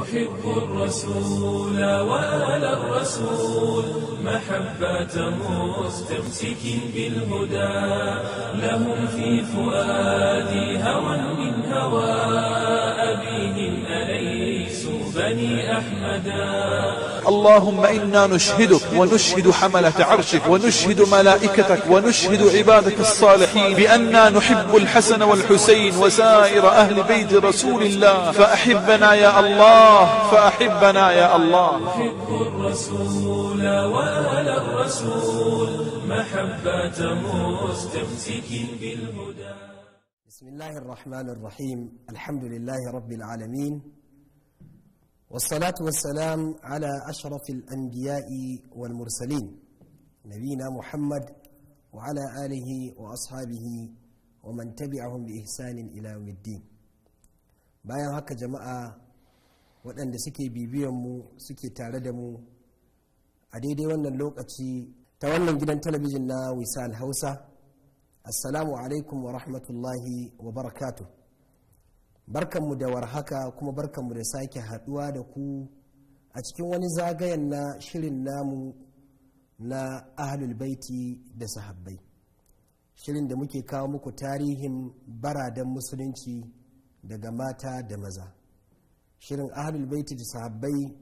أحب الرسول وآل الرسول محبته استمسك بالهدى لهم في فؤادي هوى من هوى أبيهم بني أحمد اللهم إنا نشهدك ونشهد حملة عرشك ونشهد ملائكتك ونشهد عبادك الصالحين بأننا نحب الحسن والحسين وسائر أهل بيت رسول الله فأحبنا يا الله فأحبنا يا الله نحب الرسول وأهل الرسول محبة مستمسك بالهدى بسم الله الرحمن الرحيم الحمد لله رب العالمين والصلاة والسلام على أشرف الأنبياء والمرسلين نبينا محمد وعلى آله وأصحابه ومن تبعهم بإحسان إلى يوم الدين bayan haka jama'a waɗanda suke bibiyanmu suke tare da mu a daidai wannan lokaci ta wannan gidan talabijin na wisal hausa assalamu alaikum wa rahmatullahi wa barakatuh barkanmu da warhaka kuma barkanmu da sake haduwa da ku a cikin wani zagayen na shirin namu na ahlul baiti da sahabbai shirin da muke kawo muku tarihin baradan musulunci daga mata da maza shirin ahlul baiti da sahabbai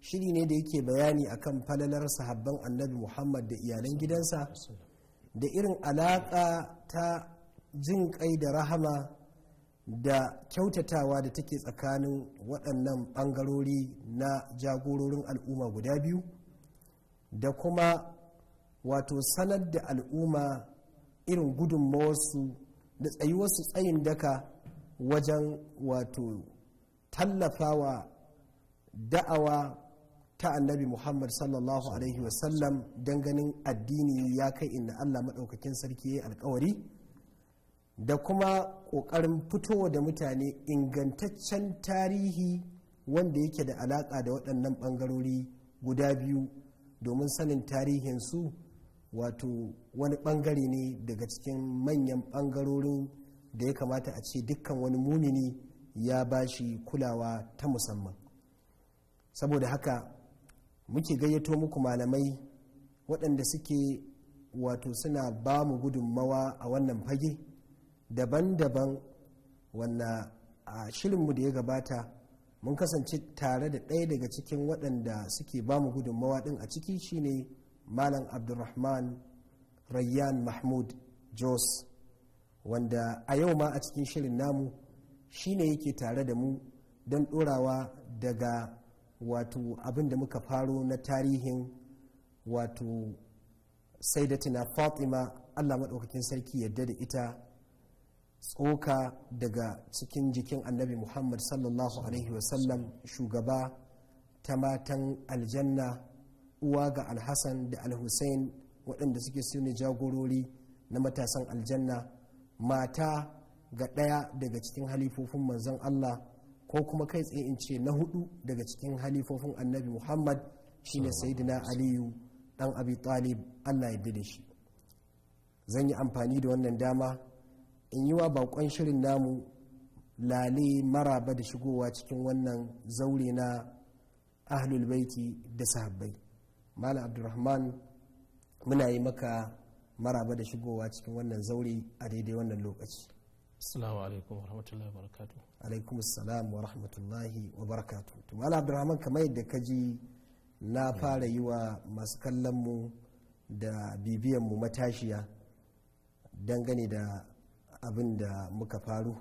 shiri ne da yake bayani akan falalar sahabban annabi muhammad da iyalan gidansa da irin alaka ta jin kai da rahama da kyautatawa da take tsakanin waɗannan ɓangarori na jagororin al'umma guda biyu da kuma wato sanar da al'umma irin gudunmawarsu da tsayuwarsu tsayin daka wajen wato tallafawa da'awa ta annabi muhammad sallallahu alaihi wasallam ganin addini ya kai inda allah maɗaukakin sarki ya yi alkawari da kuma ƙoƙarin fitowa da mutane ingantaccen tarihi wanda yake da alaƙa da waɗannan ɓangarori guda biyu domin sanin tarihinsu wato wani ɓangare ne daga cikin manyan ɓangarorin da ya kamata a ce dukkan wani mumini ya ba shi kulawa ta musamman saboda haka muke gayyato muku malamai waɗanda suke wato suna ba mu gudunmawa a wannan fage daban-daban wanda a shirinmu da ya gabata mun kasance tare da ɗaya daga cikin waɗanda suke ba mu gudunmawa ɗin a ciki shine malam abdulrahman rayyan mahmud jos wanda a yau ma a cikin shirin namu shine yake tare da mu don ɗorawa daga wato abin da muka faro na tarihin wato saidatina fatima allah maɗaukakin sarki yadda da ita tsoka daga cikin jikin annabi muhammad sallallahu alaihi wasallam shugaba ta matan aljanna uwa ga alhassan da alhussein waɗanda suke su ne jagorori na matasan aljanna mata ga ɗaya daga cikin halifofin manzon allah ko kuma kai tsaye in ce na hudu daga cikin halifofin annabi muhammad shine sayyidina aliyu dan abi talib allah ya da shi zan yi amfani da wannan dama in yi wa bakon shirin namu lale maraba da shigowa cikin wannan zaure na ahlul baiti da sahabbai malam abdulrahman muna yi maka maraba da shigowa cikin wannan zaure a daidai wannan lokaci alaikum wa rahmatullahi wa barakatu alaikum rahmatullahi wa barakatu malam abdulrahman kamar yadda ka ji na fara yi wa masu kallon mu da bibiyan mu matashiya dangane da abin da muka faru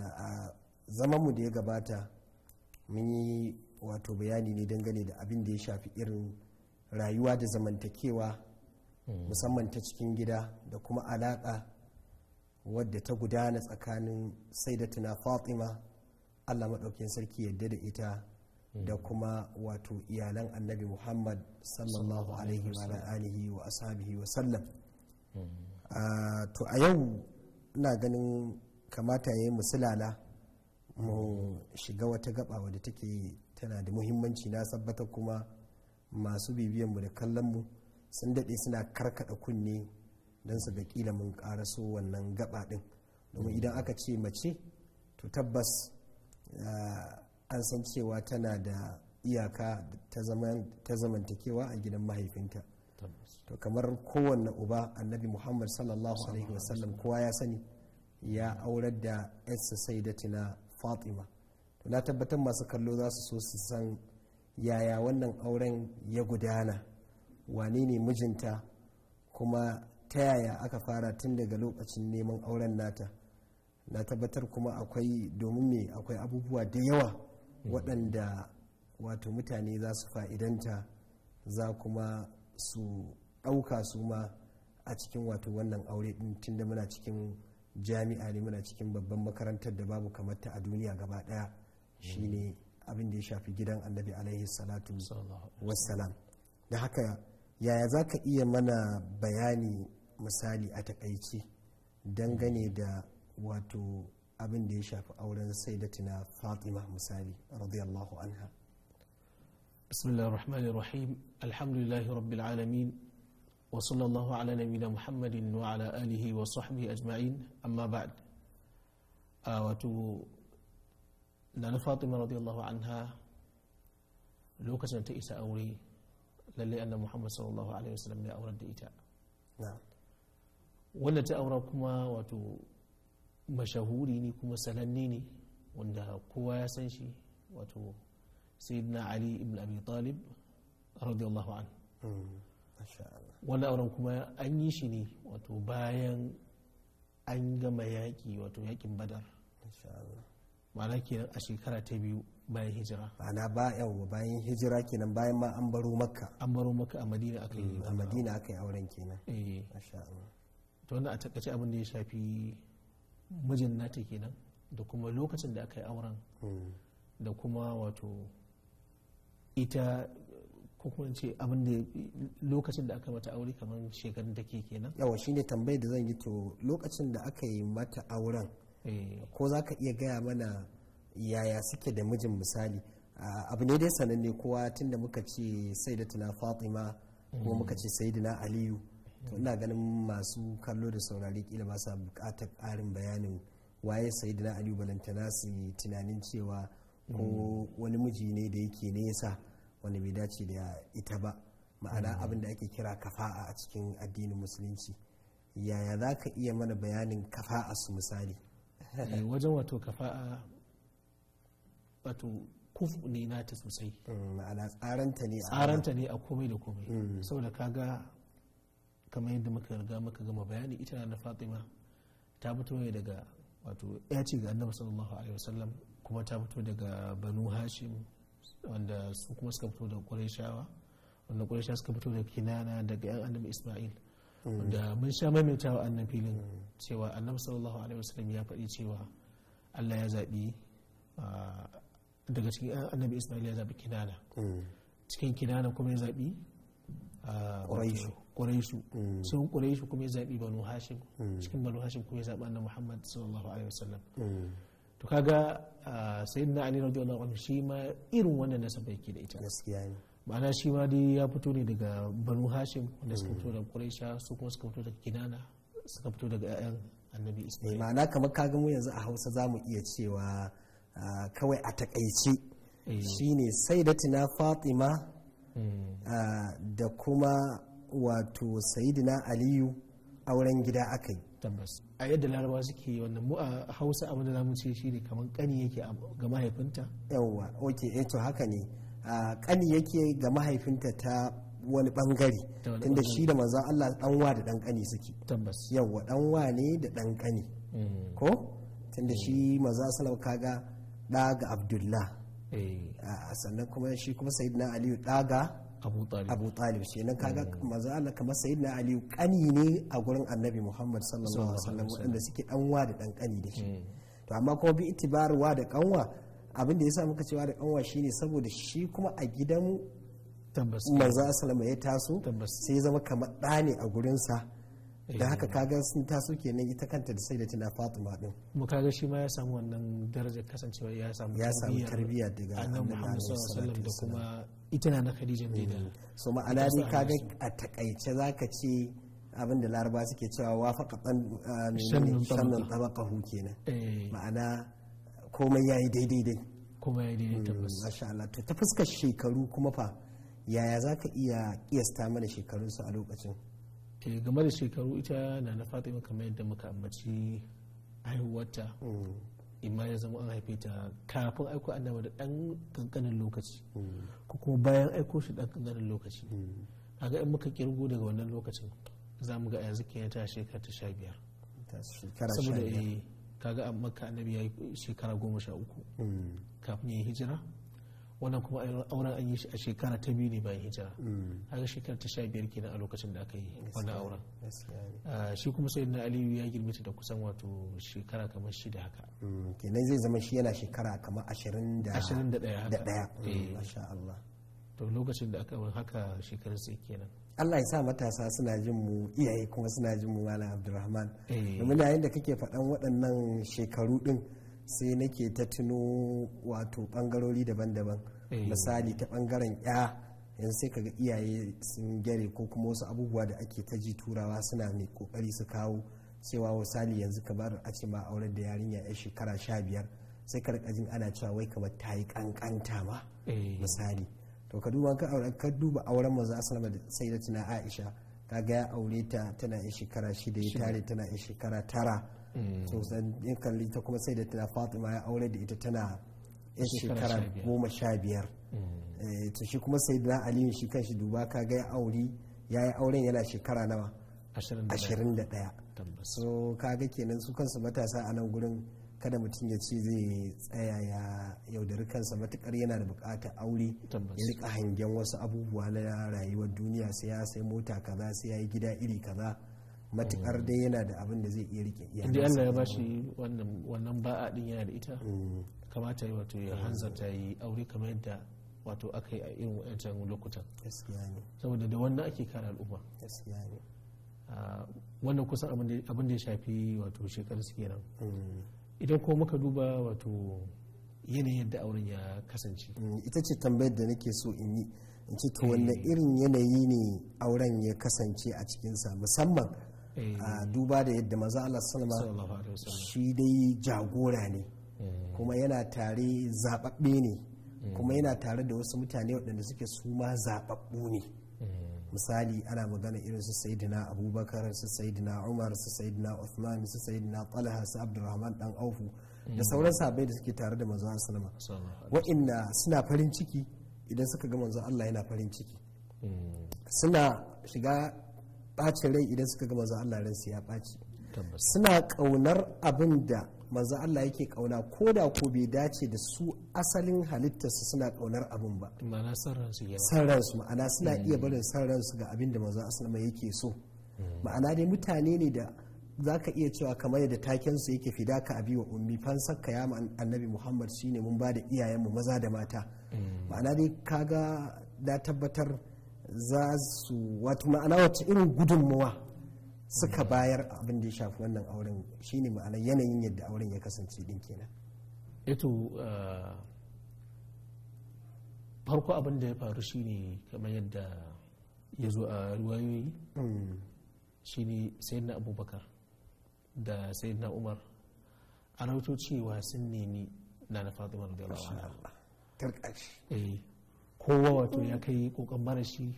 a zamanmu da ya gabata mun yi wato bayani ne dangane da abin da ya shafi irin rayuwa da zamantakewa musamman ta cikin gida da kuma alaƙa wadda ta gudana tsakanin sai da tuna fatima allah maɗaukin sarki yadda da ita da kuma wato iyalan annabi muhammad sallallahu alaihi wa alihi wa ashabihi wa sallam mm. to a yau ina ganin kamata ya yi musulala mu shiga wata gaba wadda take tana da muhimmanci na sabbata kuma masu bibiyanmu da kallonmu sun daɗe suna karkada kunne don su ga ƙila mun karaso wannan gaba ɗin domin idan aka ce mace to tabbas an san cewa tana da iyaka ta zamantakewa a gidan mahaifinta to kamar kowanne uba annabi muhammad sallallahu alaihi wasallam kowa ya sani ya aurar da yarsa sayyidatina fatima to na tabbatar masu kallo za su so su san yaya wannan auren ya gudana wane ne mijinta kuma ta yaya aka fara tun daga lokacin neman auren nata na tabbatar kuma akwai domin me akwai abubuwa da yawa mm. waɗanda wato mutane za su fa'idanta za kuma su ɗauka su ma a cikin wato wannan aure din tunda muna cikin jami'a ne muna cikin babban makarantar da babu kamar ta a duniya gaba ɗaya shine abin da ya shafi gidan annabi alaihi salatu wassalam da haka yaya za ka iya mana bayani misali a takaici dangane da wato abin da ya shafi auren sai da tuna fatima misali radiyallahu anha بسم الله الرحمن الرحيم الحمد لله رب العالمين وصلى الله على نبينا محمد وعلى آله وصحبه أجمعين أما بعد آواتو آه، نانا فاطمة رضي الله عنها لوكا سنة إيسا أوري للي أن محمد صلى الله عليه وسلم يا أورد إيتا نعم وانا تأوركما واتو مشهوريني كما سلنيني وانده قوايا سنشي واتو علي ali ibn طالب رضي الله عنه wannan auren kuma an yi shi ne wato bayan an gama yaƙi wato yaƙin badar ma'ana kenan a shekara ta biyu bayan hijira ma'ana ba yawa bayan hijira kenan bayan ma an baro makka an baro makka a madina aka yi hmm, a madina aka yi auren kenan eh to wannan a takaice abin da ya shafi mijin nata kenan da kuma lokacin da aka yi auren hmm. da kuma wato ita ko kuma ce abin da lokacin da aka mata aure kamar shekarun take kenan yawa shine tambayar da zan yi to lokacin da aka yi mata auren eh. ko za ka iya gaya mana yaya suke da mijin misali abu ne dai sananne kowa tunda muka ce sai da tuna fatima ko hmm. muka ce sai na aliyu to ina ganin masu kallo da saurari kila ba sa bukatar ƙarin bayanin waye sai na aliyu balantana su tunanin cewa ko mm. wani miji ne da yake nesa wanda bai dace da ita ba ma'ana mm. abin da ake kira kafa'a a cikin addinin musulunci yaya za ka iya mana bayanin kafa'a su misali eh, wajen wato kafa'a wato kuf ne nata sosai mm, ma'ana tsaranta ne tsaranta ne a komai da komai saboda ka ga kamar yadda muka riga muka gama bayani ita na fatima ta fito ne daga wato ya ce ga annabi sallallahu alaihi wasallam kuma ta fito daga banu hashim wanda su kuma suka fito daga kureshawa wanda kureshawa suka fito daga kinana daga yan annabi isma'il mm. wanda mun sha maimaita wa annan filin mm. cewa annabi sallallahu alaihi wasallam ya faɗi cewa allah ya zaɓi daga cikin yan annabi isma'il ya zaɓi kinana mm. cikin kinana kuma ya zaɓi ƙuraishu sun ƙuraishu kuma ya zaɓi banu hashim cikin banu hashim kuma ya zaɓi annabi muhammad sallallahu alaihi wasallam to kaga sayyidina ali radiyallahu anhu shi ma irin wannan nasaba yake da ita gaskiya ne ma'ana shi ma dai ya fito ne daga banu hashim wanda suka fito hmm. daga quraisha su kuma suka fito daga kinana suka fito daga ƴaƴan annabi ismail eh, ma'ana kamar kaga mu yanzu a hausa za mu iya cewa kawai a takaice eh. shine sayyidatina fatima hmm. da kuma wato sayidina aliyu auren gida aka yi tabbas a yadda laraba suke wannan mu a hausa abin da zamu ce ne kamar kani yake ga mahaifinta yawwa ok eto eh to haka ne kani yake ga mahaifinta ta wani bangare tunda shi da maza Allah danwa da dan kani suke tabbas yawwa danwa ne da dan kani mm. ko tunda shi maza salau kaga da ga abdullah eh. sannan kuma shi kuma sayyidina aliyu daga abu talib shi nan kaga eh. manzo Allah kamar sayyidina aliyu kani ne a gurin annabi muhammad sallallahu alaihi wasallam waɗanda suke danwa da dan kani da shi eh. to amma kuma bi itibarwa da kanwa abin da yasa muka cewa da kanwa shine saboda shi kuma a gidan manzo sallallahu ya taso sai ya zama kamar ɗa ne a gurinsa da haka eh. kaga sun taso kenan ita kanta da sai da tana fatima din mu kaga shi ma ya samu wannan darajar kasancewa ya samu ya samu tarbiyya daga annabi Muhammad sallallahu alaihi wasallam da kuma ita na Khadija ne da mm. so ma'ana dai kaga a takaice zaka ce abin da laraba suke cewa wafaka dan shannan tabaqahu kenan eh. ma'ana komai yayi daidai dai komai yayi daidai tabbas mm, masha Allah to ta fuskar shekaru kuma fa yaya zaka iya kiyasta mana su a lokacin game da shekaru ita na na fatima kamar yadda muka ambaci haihuwarta mm. imma ya zama an haife ta kafin aiko annaba da dan kankanin lokaci mm. ko kuma bayan aiko shi dan kankanin lokaci mm. a ga in muka kirgo daga wannan lokacin za mu ga yanzu kenan ta shekara ta sha biyar saboda eh, kaga a maka annabi ya yi shekara goma sha uku kafin ya yi hijira wannan kuma auren an yi shi a shekara ta biyu ne bayan hijira haka mm. shekara ta sha biyar kenan a lokacin da aka yi wannan auren ah, shi kuma sai na aliyu ya girme ta da kusan wato shekara kamar shida haka mm, kenan zai zama shi yana shekara kamar ashirin da ashirin da ɗaya da ɗaya mm, eh. masha Allah to lokacin da aka haka shekarar sai kenan Allah ya sa matasa suna jin mu iyaye kuma suna jin mu malam Abdulrahman eh. domin yayin da kake faɗan waɗannan shekaru din sai nake ta tuno wato bangarori daban-daban eh. misali ta bangaren ya yanzu sai kaga iyaye sun gyare ko kuma wasu abubuwa da ake ta ji turawa suna mai kokari su kawo cewa wasali yanzu kamar a ce ma auren da yarinya ya shekara sha biyar sai ka jin ana cewa wai kamar ta yi kankanta ma eh. misali to ka duba ka duba auren maza asalama da sai da tuna aisha ga ya aure ta tana yan shekara shida ya tare tana yan shekara tara Mm. so san in kalli ta kuma sai da tana fatima ya aure da ita tana yan shekara goma sha biyar mm. eh, to shi kuma sai da aliyu shi kanshi duba ka ga ya auri ya yi auren yana shekara nawa ashirin da ɗaya so ka ga kenan su kansu matasa a nan gurin kada mutum ya ce zai tsaya ya yaudari kansa matukar yana da bukatar aure ya rika hangen wasu abubuwa na rayuwar duniya sai ya sai mota kaza sai ya yi gida iri kaza matukar mm. dai yana da abin da zai iya rike iya inda Allah ya bashi wannan ba'a din yana da ita mm. kamata yi wato ya mm. hanzarta yi aure kamar yadda wato aka yi a irin wayancan lokutan saboda da wannan ake kare al'umma ah, wannan kusan abin da ya shafi wato shekaru su kenan idan ko muka duba wato yanayin yadda auren ya kasance ita ce tambayar da nake so in yi in ce to eh. wanne irin yanayi ne auren ya kasance a cikinsa musamman Eh. a duba da yadda maza Allah sallama shi dai jagora ne eh. kuma yana tare zaɓaɓɓe ne eh. kuma yana tare da wasu mutane waɗanda suke suma zababbu ne misali ana magana irin su sayidina abubakar su sayidina umar su sayidina uthman su sayidina talha su abdurrahman dan aufu da sauran sabai da suke tare da manzo Allah wa'inda suna farin ciki idan suka ga manzo Allah yana farin ciki suna shiga bacin rai idan suka ga maza Allah ransu ya ɓaci suna ƙaunar abin da manzo Allah yake kauna ko da ko bai dace da su asalin halittarsu suna ƙaunar abin ba ma'ana san ransu ma'ana suna iya hmm. barin san ransu ga abin da manzo Allah yake so hmm. ma'ana dai mutane ne da za ka iya cewa kamar yadda taken su yake fidaka abi wa ummi fansar ka ya annabi muhammad shine mun ba da mu maza da mata hmm. ma'ana dai kaga da tabbatar za su wato ma'ana wata irin gudunmawa suka bayar abin da ya shafi wannan auren shine ma'ana yanayin yadda auren ya kasance din kenan eto eh eh, farko abin da ya faru shine kamar yadda ya zo a ruwayoyi hmm. shine na abubakar da na umar a cewa sun nemi na na fatima radiyallahu anha kowa wato ya kai kokon mara shi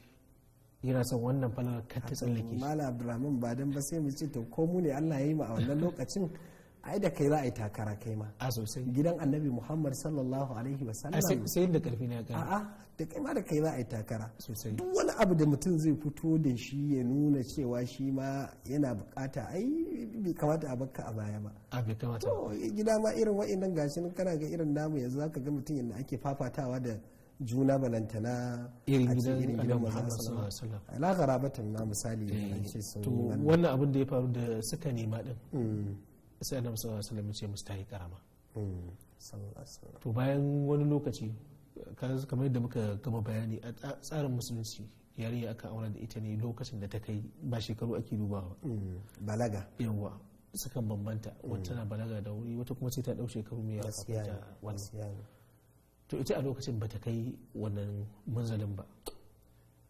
yana son wannan falala ka ta tsallake mala Abdulrahman ba dan ba sai mu ce to ko mu ne Allah ya yi mu a wannan lokacin ai da kai za a yi takara kai ma a sosai gidan annabi muhammad sallallahu alaihi wasallam sai da karfi ne kai a da kai ma da kai za a yi takara sosai duk wani abu da mutum zai fito da shi ya nuna cewa shi ma yana bukata ai bai kamata a bakka a baya ba a bai kamata to gida ma irin wa'annan gashi kana ga irin namu yanzu zaka ga mutum yana ake fafatawa da juna balantana irin gidan Muhammad sallallahu alaihi wasallam ala garabatan misali eh, ce sun wannan abin da ya faru da suka nema din mm. sai annabi sallallahu alaihi wasallam ya ce musu tayi karama mm. to bayan wani lokaci kamar yadda muka gama bayani a tsarin musulunci yarinya aka aura da ita ne lokacin da ta kai ba shekaru ake dubawa mm. balaga yawa sukan bambanta wata na balaga da wuri wata kuma sai ta dau shekaru mai yawa kafin to ita a lokacin ba ta kai wannan manzalin ba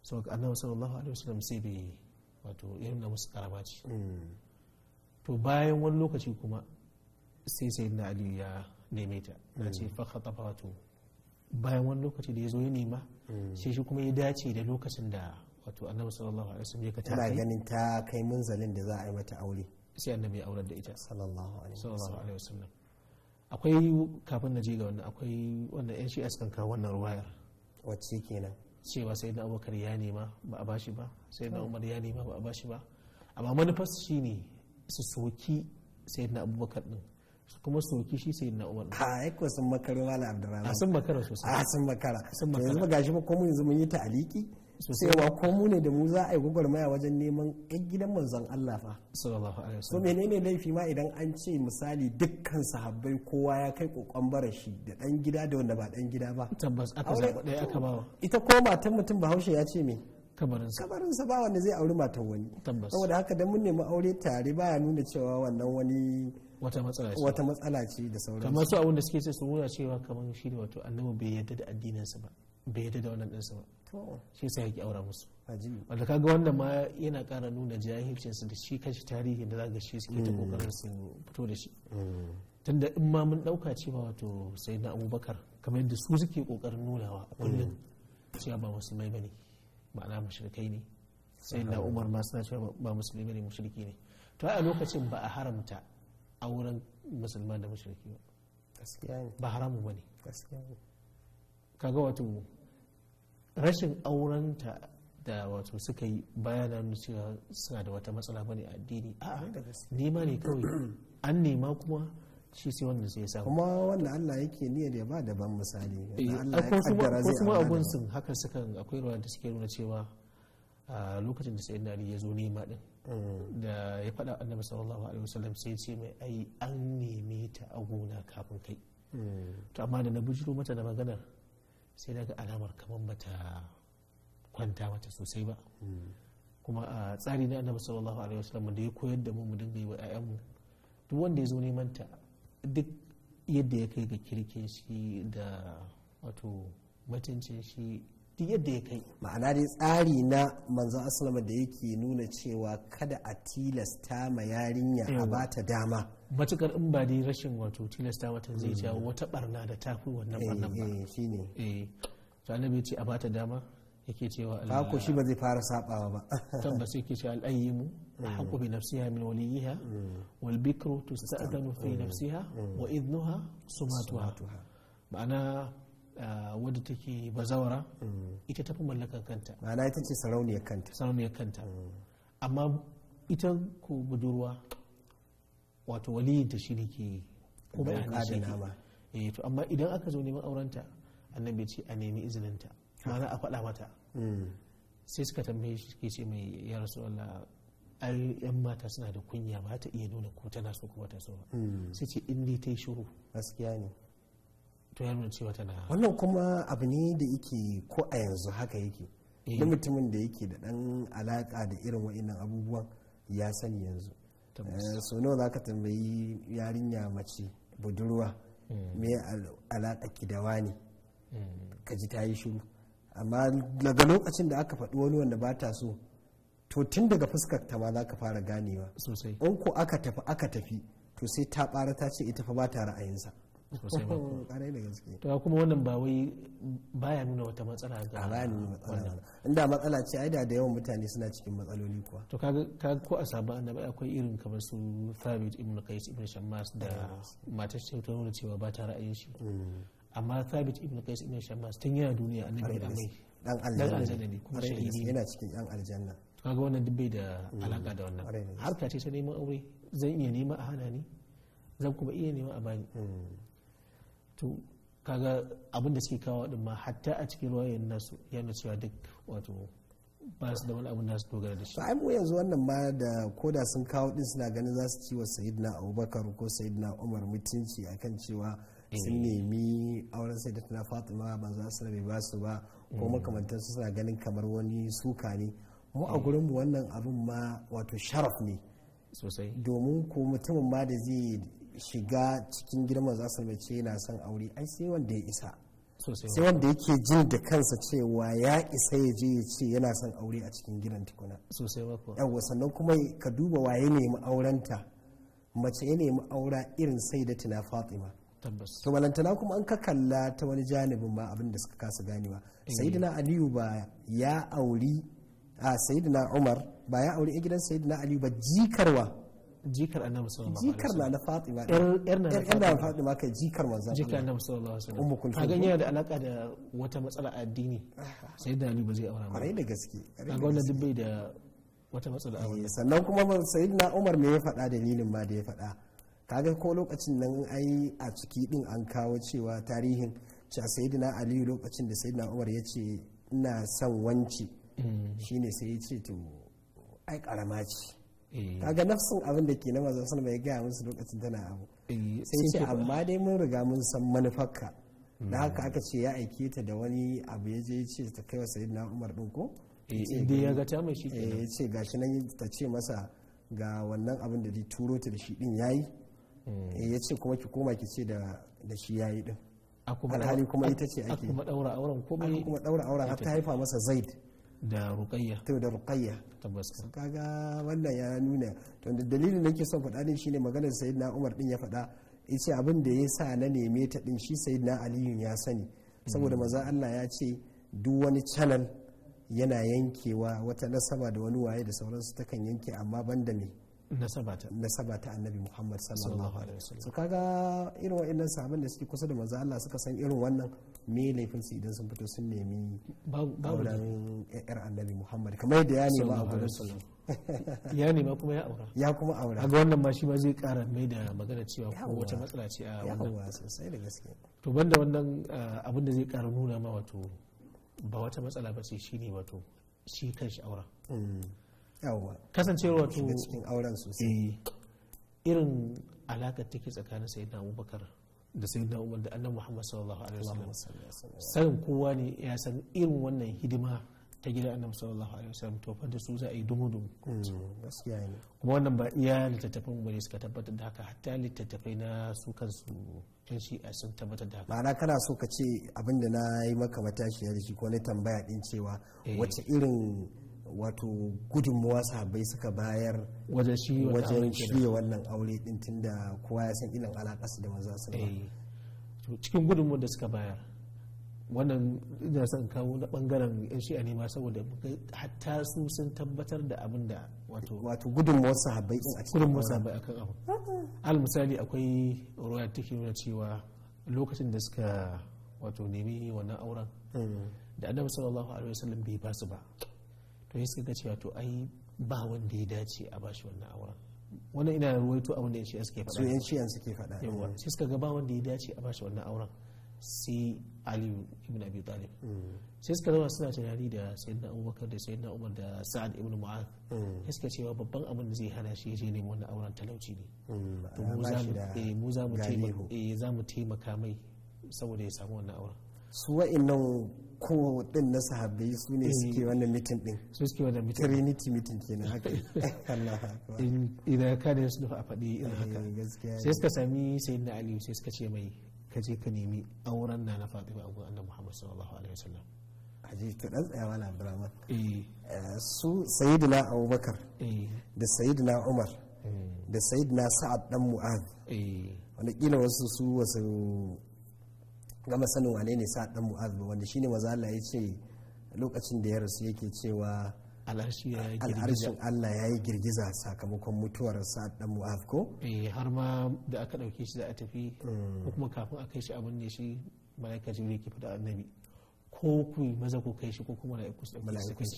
sau ka annabi sallallahu alaihi wasallam sai bai wato irin na musu karama ce hmm. to bayan wani lokaci kuma sai sai na ali ya neme ta na ce hmm. fa khatafa wato bayan wani lokaci da ya zo ya nema hmm. sai shi kuma ya dace da lokacin da wato annabi sallallahu alaihi wasallam ya ka tana ganin ta kai munzalin da za a yi mata aure sai annabi ya aurar da ita sallallahu alaihi wasallam akwai kafin na je ga wannan akwai wanda yan shi'a sukan kawo wannan ruwayar wacce kenan cewa sai na abubakar ya nema ba a bashi ba sai na hmm. umar ya nema ba a bashi ba amma manufar shi ne su soki sai na abubakar din su kuma soki shi sai na umar a ko sun makara wala abdurrahman a ah, sun makara sosai a ah, sun makara sun makara yanzu gashi ba kuma yanzu mun yi ta'aliki cewa wa komu ne da mu za a yi gwagwarmaya wajen neman yan gidan manzon Allah fa sallallahu alaihi so menene laifi ma idan an ce misali dukkan sahabbai kowa ya kai kokon barashi da dan gida da wanda ba dan gida ba tabbas aka zaɓa ɗaya aka bawa ita ko matan mutum bahaushe ya ce me kabarinsa kabarinsa ba wanda zai auri matan wani saboda haka dan mun nemi aure tare baya nuna cewa wannan wani wata matsala ce wata matsala ce da sauransu kamar su abin da suke sai su nuna cewa kamar shi ne wato annabi bai yarda da addininsa ba bai yarda da wannan ɗinsa ba shi sa yake aura musu wanda kaga wannan ma yana ƙara nuna jahilcinsu da shi kashi tarihi da zaga shi suke ta kokarin mm. su fito da shi mm. tunda in ma mun ɗauka cewa wato sai na abubakar kamar yadda su suke kokarin nunawa a kullum cewa ba musulmai bane ma'ana mushrikai ne sai na umar ma suna cewa ba musulmi bane mushriki ne to a lokacin ba a haramta auren musulman da mushriki ba ba haramu bane kaga wato rashin aurenta da wato suka yi baya na nuna cewa suna da wata matsala bane a addini a nema ne kawai an nema kuma shi sai wanda sai samu kuma wanda Allah yake niyyar ya ba da ban misali eh, Allah wasu ma abun sun haka sukan akwai ruwa da suke nuna cewa a lokacin da sayyidina Ali ya zo nema din mm. da ya faɗa annabi sallallahu alaihi wasallam sai ce mai ai an neme ta a gona kafin kai mm. to amma da na bujiro mata da maganar sai daga alamar kamar bata kwanta mata sosai ba hmm. kuma a tsari na annabi sallallahu alaihi wasallam da ya koyar da mu mu dinga yi wa mu duk wanda ya zo neman ta duk yadda ya kai ga kirkin shi da wato mutuncin shi duk yadda ya kai ma'ana dai tsari na manzon asalama da yake nuna cewa kada a tilasta ma yarinya a bata dama matukar in ba dai rashin wato tilasta wata zai mm. jawo wata barna da ta fi wannan eh, barnan ba eh, shine eh to annabi ce a bata dama yake cewa Allah ko shi ba zai fara sabawa ba tabbas yake cewa al'ayyimu mm. haqqu bi nafsiha min waliyiha mm. wal bikru tusta'danu fi nafsiha wa idnuha sumatuha ma'ana Eh, wadda take bazawara mm. ita tafi mallakar kanta ma'ana ita ce sarauniyar kanta sarauniyar kanta mm. amma ita ko budurwa wato waliyin ta shiri ke ko ba a shi eh to amma idan aka zo neman aurenta annabi ce a nemi izininta ma'ana a faɗa mata mm. sai suka tambaye shi ke ce mai ya rasu Allah ai yan mata suna da kunya ba ta iya nuna ko tana so ko ba ta so ba sai ce in dai ta yi shiru gaskiya ne to ya cewa tana wannan kuma abu ne da yake ko a yanzu haka yake eh. da mutumin da yake da dan alaka da irin wa'annan abubuwan ya sani yanzu eh, so nawa za ka tambayi yarinya mace budurwa hmm. me alaka kidawa ne hmm. ka ji ta yi shiru amma daga lokacin da aka faɗi wani wanda ba ta so to tun daga fuskar ta ma za ka fara ganewa sosai in ko aka tafi aka tafi to sai ta ɓara ta ce ita fa ba ta ra'ayinsa sosai ba ƙarai da gaske to kuma wannan ba wai baya nuna wata matsala ga a baya nuna matsala inda matsala ce ai da da yawan mutane suna cikin matsaloli kuwa to kaga kaga ko a saba annabi akwai irin kamar su Thabit ibn Qais ibn Shammas da matar ta ta nuna cewa ba ta ra'ayin shi mm. amma Thabit ibn Qais ibn Shammas tun yana duniya annabi da mai dan aljanna ne kuma shahidi yana cikin yan aljanna to kaga wannan duk bai da alaka da wannan mm. harka ce ta neman aure zan iya nema a hana ni zan kuma iya nema a bani mm. to kaga abin da suke kawo din ma hatta a cikin ruwayen nasu yana cewa duk wato ba su da wani abin da su dogara da shi ai mu yanzu wannan ma da koda sun kawo din suna ganin za su ci wa sayyidina abubakar ko sayyidina umar mutunci akan cewa sun eh. nemi auren sayyidatuna fatima ba za su rabe ba su ba ko eh. makamantan su suna ganin kamar wani suka ne mu a eh. gurin mu wannan abin ma wato sharaf ne sosai domin ko mutumin ma da zai shiga cikin girma za su mace yana son aure ai sai wanda ya isa sai wanda yake jin da kansa cewa ya isa ya je ya ce yana son aure a cikin gidan tukuna yawa sannan kuma ka duba wa ya nemi aurenta mace ya nemi aura irin sai da tuna fatima to balantana kuma an ka kalla ta wani janibin ma abin da suka kasa ganewa eh. sayyidina aliyu ba ya auri a sayyidina umar ba ya auri a gidan sayyidina aliyu ba jikarwa jikar annabi sallallahu alaihi jikar na na fatima yar na na fatima kai jikar manzon jikar annabi sallallahu alaihi wasallam ummu kulthum yana da alaka da wata matsala addini sai da ali ba zai aura ba da gaske ga wannan dubbai da wata matsala a wannan eh, sannan kuma sayyidina umar me ya faɗa dalilin ma da ya faɗa kaga ko lokacin nan ai a ciki din an kawo cewa tarihin cewa sayyidina ali lokacin da sayyidina umar ya ce ina son wanci mm. shine sai ya ce to ai karama ce Eh. kaga nafsin abin da ke na mazan salma ya gaya musu lokacin tana abu eh, sai ce amma dai mun riga mun san manufarka hmm. da haka aka ce ya aike ta da wani abu ya je ce ta kai wa na umar din ko inda eh, ya gata mai shi ya ce gashi nan ta ce masa ga wannan abin da turo ta da shi din yayi hmm. ya ce kuma ki koma ki ce da shi yayi din alhali kuma ita ce ake kuma daura auren kuma daura auren har ta haifa masa zaid da ruqayya to da ruqayya tabbas kaga wannan ya nuna to da dalilin da nake son faɗa ne shine maganar sayyidina Umar din ya faɗa yace abin da ya sa na neme ta din shi sayyidina Aliyu ya sani hmm. saboda maza Allah ya ce duk wani channel yana yankewa wata nasaba da wani waye da sauransu takan yanke amma banda me nasaba ta annabi muhammad sallallahu alaihi wasallam so kaga irin wa'annan sabon da suke kusa da maza Allah suka san irin wannan me laifin su idan sun fito sun nemi auren yar annabi muhammad kamar yadda ya nema a gurin ya nema kuma ya aura ya kuma aura a wannan ma shi ma zai kara mai da magana cewa ko wata matsala ce a wannan sosai da gaske to banda wannan eh, abin da zai kara nuna ma wato ba wata matsala ba ce shine wato shi kan shi aura mm. yawwa kasancewar wato cikin auren sosai eh, irin alakar take tsakanin sayyidina abubakar da sai da umar da annan muhammad sallallahu alaihi wasallam sanin kowa ne ya san irin wannan hidima ta gidan annabi sallallahu alaihi wasallam to fa da su za a yi dumu dumu mm, gaskiya ne kuma wannan ba iya littattafan bane suka tabbatar da haka hatta littattafai na su kansu shi a sun tabbatar da haka ma'ana kana so ka ce abinda na yi maka matashi da shi ko na tambaya din cewa eh. wace irin wato gudunmuwa sahabbai suka bayar wajen shirya wannan aure din tunda kowa ya san irin alaƙarsu da maza su eh, cikin gudunmuwa da suka bayar wannan ina son kawo na bangaren yan shi'a ne ma saboda hatta su sun tabbatar da abin da wato wato gudunmuwar sahabbai a cikin gudunmuwar sahabbai akan abu al misali akwai ruwa take nuna cewa lokacin da suka wato nemi wannan auren mm. da annabi sallallahu alaihi wasallam bai ba su ba to sai suka cewa to ai ba wanda ya dace a bashi wannan auren wannan ina ruwaito abin da ya ce suke faɗa su yan suke faɗa yawa sai suka ga ba wanda ya dace a bashi wannan auren sai aliyu ibn abi talib mm. sai suka zama suna tunani da sayyidina abubakar da sayyidina umar da sa'ad ibn mu'ad mm. sai suka cewa babban abin da zai hana shi je neman wannan auren talauci ne to mu za mu taimaka mai saboda ya samu wannan auren su wa'annan ko din na sahabbai su ne eh. suke wannan mitin din su suke wannan mitin trinity mitin kenan haka eh. Allah idan ka da yusuf a faɗi irin eh, haka sai suka sami sayyidina ali sai suka ce mai ka je ka nemi auren na na fatima a gurin annabi muhammad sallallahu alaihi wasallam aje to dan tsaya na abdurrahman su sayyidina abubakar da sayyidina umar da sayyidina sa'ad dan mu'adh wanda kila wasu su wasu gama sanin wane ne sa dan mu'az ba wanda shine maza Allah ya ce lokacin da ya rasu yake cewa al'arshin Allah ya yi girgiza sakamakon mutuwar sa dan mu'az ko eh har ma da aka dauke shi za a tafi hmm. ko kuma kafin a kai shi abin ne shi malaika jibril ke fada annabi ko ku maza ku kai shi ko kuma mala'ikus da mala'ikus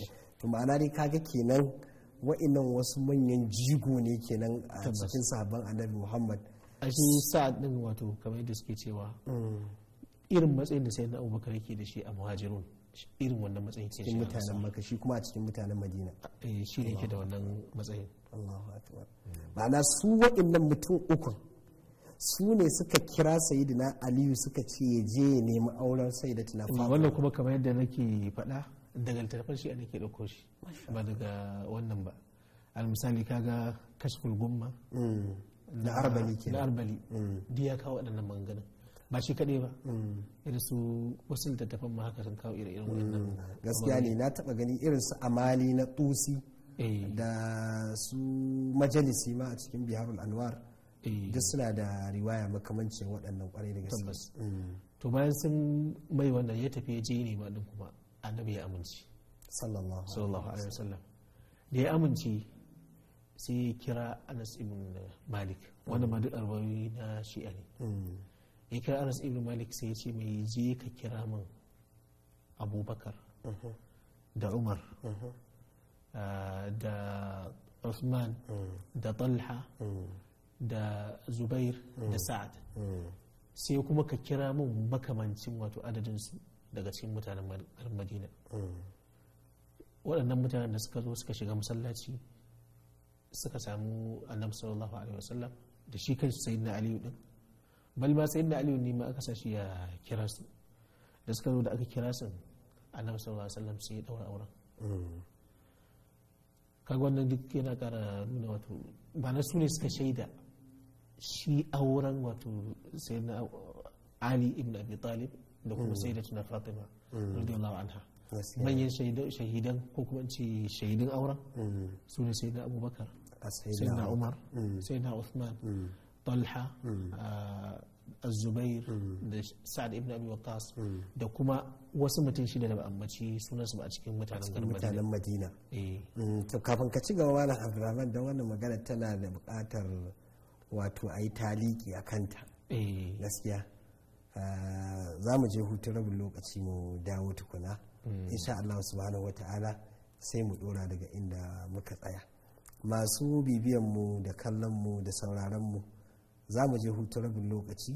to ma'ana dai kaga kenan wa'annan wasu manyan jigo ne kenan a cikin sabon annabi Muhammad a shi sa'ad din wato kamar yadda suke cewa hmm. irin matsayin da sai na abubakar yake da shi a muhajirun irin wannan matsayin sai cikin mutanen maka shi kuma a cikin mutanen madina eh, shi ne yake da wannan matsayin allahu akbar ma'ana su wa'annan mutum uku su ne suka kira sayyidina aliyu suka ce ya je ya nemi auren sayyidatina eh, fatima wannan kuma kamar yadda nake faɗa daga littattafan shi nake dauko shi ba daga wannan ba al misali kaga kashful gumma mm. na arbali kenan na arbali mm. diya kawo waɗannan maganganun ba shi kaɗai ba mm. irin su wasu littattafan ma haka sun kawo irin irin mm, wannan gaskiya ne na taɓa gani irin su amali na tusi eh. da su majalisi ma a cikin biharul anwar eh. duk suna da riwaya makamancin waɗannan ƙwarai da gaske mm. to bayan sun mai wannan ya tafi ya je ne ma kuma annabi ya amince sallallahu alaihi wasallam da ya amince sai ya kira anas ibn malik wanda ma duk arwayoyi na shi'a ne ya kira anas ibn malik sai ya ce mai je ka kira min abubakar mhm. da umar mhm. ah, da usman mhm. da talha da zubair da sa'ad sai kuma ka kira min makamancin wato adadinsu daga cikin mutanen madina waɗannan mutanen da suka zo suka shiga masallaci suka samu annabi sallallahu alaihi wasallam da shi kan sayyidina aliyu din bal ma sai da aliyu ne ma aka sashi ya kira su da suka zo da aka kira su annabi sallallahu alaihi wasallam sai ya daura auren kaga wannan duk yana kara nuna wato ba na su ne suka shaida shi auren wato sai na ali ibn abi talib da kuma mm. sai da tuna fatima mm. radiyallahu anha manyan shahidan ko kuma ce shahidin auren mm. su ne sai da abubakar sai na umar sai na uthman talha Zubair. da sa'ad ibn abi waqas da kuma wasu mutum shida da ba ambaci sunansu ba a cikin mutanen madina to kafin ka ci gaba wala abdurrahman don wannan magana tana da buƙatar wato a yi taliki a kanta gaskiya za mu je hutun rabin lokaci mu dawo tukuna insha Allah subhanahu wa ta'ala sai mu dora daga inda muka tsaya masu bibiyan mu da kallon mu da sauraron mu za mu je hutun rabin lokaci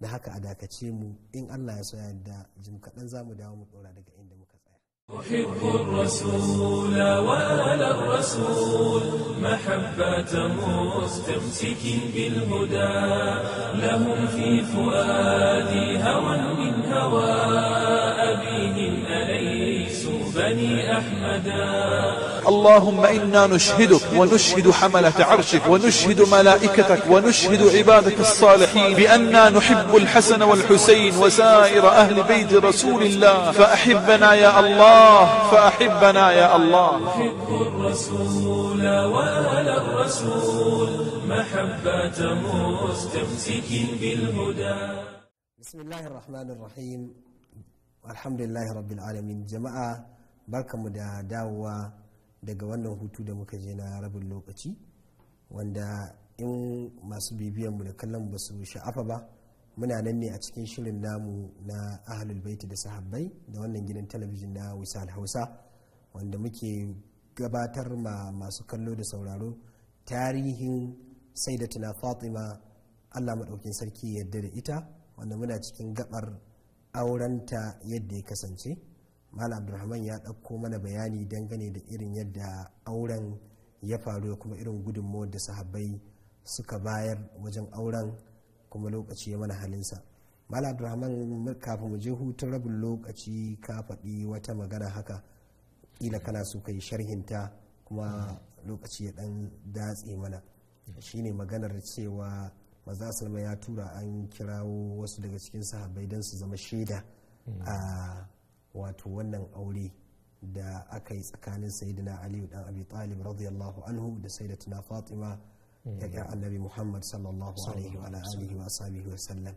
da haka a dakace mu in allah ya so da jim kaɗan za mu dawo mu ɗora daga inda muka tsaya أحب الرسول وآل الرسول محبة مستمسك بالهدى لهم في فؤادي هوى من هوى أبيهم بني أحمد اللهم إنا نشهدك ونشهد حملة عرشك ونشهد ملائكتك ونشهد عبادك الصالحين بأننا نحب الحسن والحسين وسائر أهل بيت رسول الله فأحبنا يا الله فأحبنا يا الله نحب الرسول وآل الرسول محبة مستمسك بالهدى بسم الله الرحمن الرحيم والحمد لله رب العالمين جماعة barkamu da dawowa daga wannan hutu da muka je na rabin lokaci wanda in masu bibiyanmu da kallon ba su sha'afa ba muna nan ne a cikin shirin namu na ahalul baiti da sahabbai da wannan gidan talabijin na wisal hausa wanda muke gabatar ma masu kallo da sauraro tarihin sai da tuna fatima allah maɗaukin sarki yadda da ita wanda muna cikin gabar aurenta yadda ya kasance malam abdulrahman ya ɗauko mana bayani dangane da irin yadda auren ya faru da kuma irin gudunmawar da sahabbai suka bayar wajen auren kuma lokaci ya mana halinsa malam abdulrahman kafin mu je hutun rabin lokaci ka faɗi wata magana haka ila kana so ka yi sharhinta kuma lokaci ya ɗan datse mana shine maganar cewa maza salma ya tura an kirawo wasu daga cikin sahabbai don su zama shaida a wato wannan aure da aka yi tsakanin sayyidina aliyu dan abi talib radiyallahu anhu da sayyidatuna fatima hmm. da ya annabi muhammad sallallahu alaihi wa alihi wa sahbihi wa sallam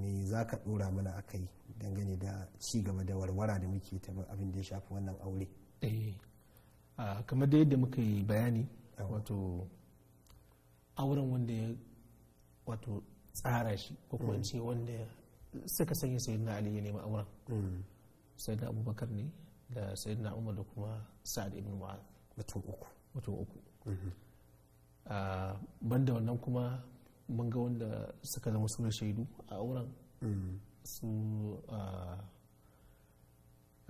me za ka dora mana akai dangane da ci gaba da warwara da muke ta abin da ya shafi wannan aure eh, kamar da yadda muka yi bayani wato auren wanda ya wato tsara shi ko hmm. wanda suka sanya sayyidina aliyu ya nemi auren hmm. sayyidina abubakar ne da sayyidina umar da kuma sa'ad ibn ma'ad mutum uku mutum uku mm-hmm. ah, banda wannan kuma mun ga wanda suka zama sunan shaidu a auren mm-hmm. su ah,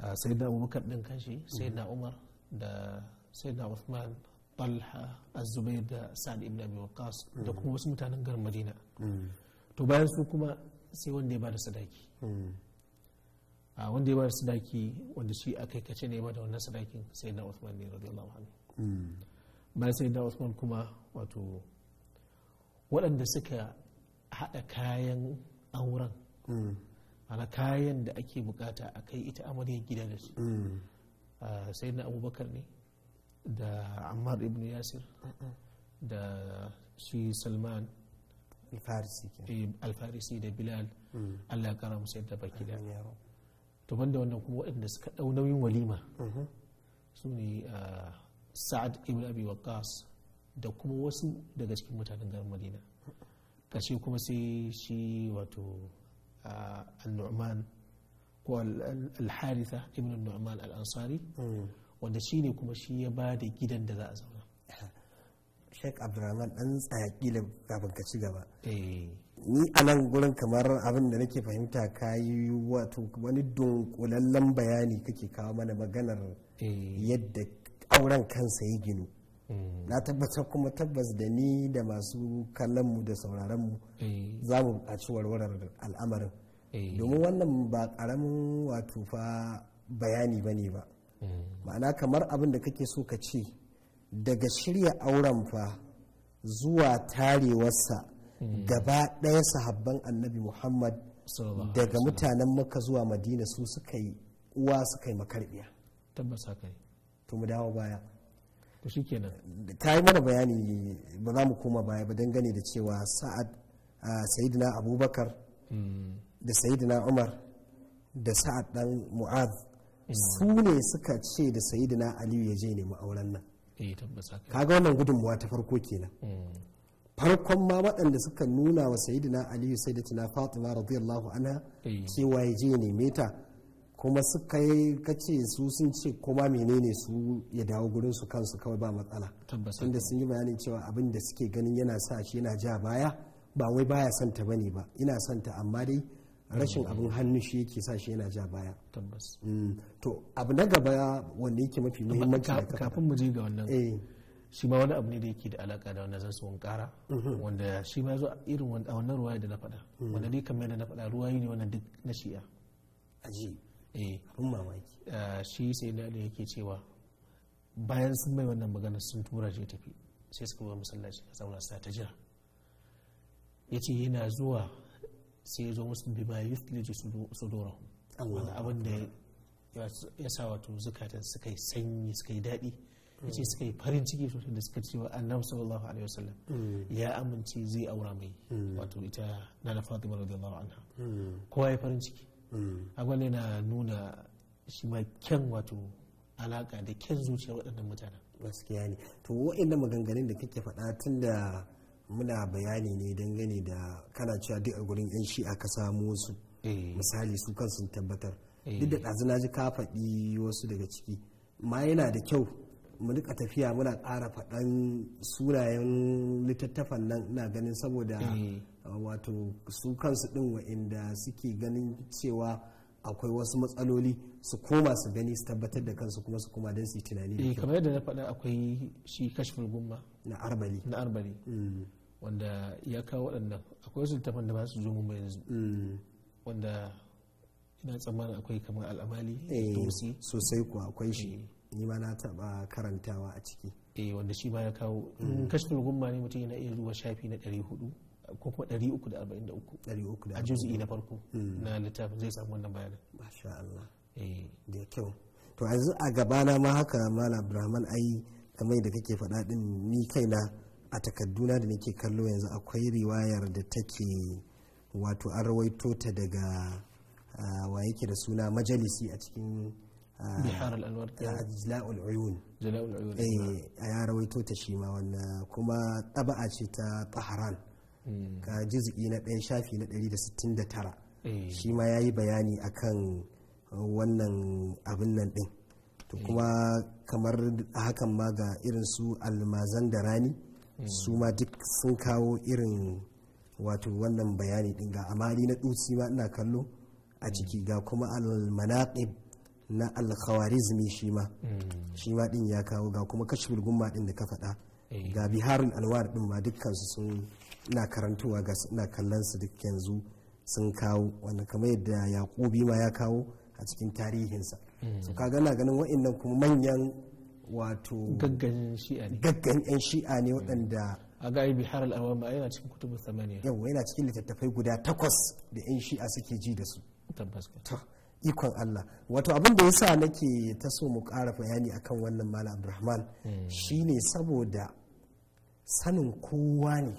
ah, sayyidina abubakar din kanshi mm-hmm. sayyidina umar da sayyidina usman talha azubair da sa'ad ibn abi waqas da kuma wasu mutanen garin madina to bayan su kuma sai wanda ya da sadaki Ah, wanda ya ba sadaki wanda shi a kai kace ne ba da wannan sadakin sai na usman ne radiyallahu anhu hmm. bayan sai kuma wato waɗanda suka haɗa kayan auren hmm. ana kayan da ake bukata a kai ita amaryar gida da su hmm. ah, sai na abubakar ne da ammar ibn yasir da shi salman alfarisi eh, da bilal allah ya kara musu yadda baki da to banda wannan kuma waɗanda suka ɗau nauyin walima mhm. su ne ah, sa'ad ibn abi waqas da kuma wasu daga cikin mutanen garin madina kashe kuma sai shi wato al-nu'man ah, ko al-haritha ibn al-nu'man al-ansari mhm. wanda shi ne kuma shi ya ba da gidan da za a zauna sheik abdulrahman dan tsaya kila kafin ka ci gaba eh. ni a nan gurin kamar abin da nake fahimta ka yi wato wani dunkulallen bayani kake kawo mana maganar eh. yadda auren kansa ya ginu mm. na tabbatar kuma tabbas da ni da masu kallonmu da sauraronmu eh. za mu buƙaci warwarar al'amarin eh. domin wannan ba ƙaramin wato fa bayani ba ne ba mm. ma'ana kamar abin da kake so ka ce daga shirya auren fa zuwa tarewarsa Mm. gaba ɗaya sahabban annabi muhammad daga mutanen maka zuwa madina su suka yi uwa suka yi makarbiya tabbas haka yi to mu dawo baya to kenan. ta yi mana bayani ba za mu koma baya ba dangane da cewa sa'ad sayidina abubakar mm. da sayidina umar da sa'ad dan mu'az mm. su ne suka ce da sayidina aliyu ya je nemi auren nan eh, kaga wannan gudunmuwa ta farko kenan farkon ma waɗanda suka nuna wa sayidina aliyu sayyidatina fatima radiyallahu anha eh. cewa ya je neme ta kuma suka yi kace su sun ce kuma menene su ya dawo gurin su kansu kawai ba matsala tunda sun yi bayanin cewa abin da suke ganin yana sa shi yana ja baya ba wai baya son ta bane ba ina son ta amma dai rashin mm. abin hannu shi yake sa shi yana ja baya tabbas mm. to abu na gaba wanda yake mafi muhimmanci kafin mu je ga wannan eh. shi ma wani abu ne da yake da alaka da wannan zansu wankara mhm. wanda shi ma zo irin wannan ruwaya da na faɗa mhm. wanda dai kamar yadda na faɗa ruwayi ne wannan duk na shi'a aji eh abin mamaki eh, shi sai na da yake cewa bayan sun mai wannan magana sun tura je tafi sai suka ba masallaci a zauna sa ta jira yace yana zuwa sai ya zo musu bi su yuthliju sudurahum wanda abin da ya sa wato zukatan suka yi sanyi suka yi daɗi ce suka yi farin ciki sosai da suka cewa annabi sallallahu alaihi wasallam mm. ya amince zai aura mai mm. wato ita na fatima radiyallahu anha mm. kowa ya farin ciki agwal yana nuna shi ma kyan wato alaka da kyan zuciya waɗannan mutane gaskiya ne to waɗanda maganganun da kake faɗa tun da muna bayani ne dangane da kana cewa duk a gurin yan shi'a ka samu su eh. misali su kan sun tabbatar duk da eh. na ji ka faɗi wasu daga ciki ma yana da kyau mu rika tafiya muna ƙara faɗan sunayen littattafan nan ina ganin saboda eh. uh, wato su kansu ɗin wa'inda suke ganin cewa akwai wasu matsaloli su koma su gani su tabbatar da kansu kuma su koma don su yi tunani da eh, kamar yadda na faɗa akwai shi kashfin gumma na arbali na arbali mm. wanda ya kawo waɗannan akwai wasu littafan da ba su zo mu yanzu mm. wanda ina tsammanin akwai kamar al'amali eh, sosai kuwa akwai shi ni ma na taba karantawa a ciki eh wanda shi ma ya kawo mm. kashin gumma ne mutum yana iya zuwa shafi na 400 ko kuma 343 a juzu'i na farko mm. na littafin zai samu wannan bayanin masha Allah eh. da kyau to yanzu a gabana ma haka malam Abdulrahman ai kamar yadda kake faɗa din ni kaina a takadduna da nake kallo yanzu akwai riwayar da take wato an rawaito ta daga ah, wa yake da suna majalisi a cikin bihar al'anwar jila'ul uyun jila'ul uyun ya rawaito ta shi ma wannan kuma taba'a ce ta taharan ka juz'i na ɗaya shafi na 169 shi ma yayi bayani akan wannan abin nan ɗin to kuma kamar hakan ma ga irin su almazan da rani su ma duk sun kawo irin wato wannan bayani ɗin ga amali na dutsi ma ina kallo a jiki ga kuma almanaqib na alkhawarizmi shi ma mm. shi ma din ya kawo ga kuma kashful gumma din da ka faɗa eh. ga biharin alwar din ma dukkan su sun na karantuwa ga na kallon su duk yanzu sun kawo wanda kamar yadda yaqubi ma ya kawo a cikin tarihinsa mm. so kaga na ganin wa'annan kuma manyan wato gaggan shi'a ne gaggan yan shi'a ne waɗanda a ga bihar al'awa ma yana cikin kutubu samaniya yawa yana cikin littattafai guda takwas da yan shi'a suke ji da su tabbas ikon Allah wato abin da yasa nake ta so mu ƙara bayani akan wannan malam Abdulrahman hmm. shine saboda sanin kowa ne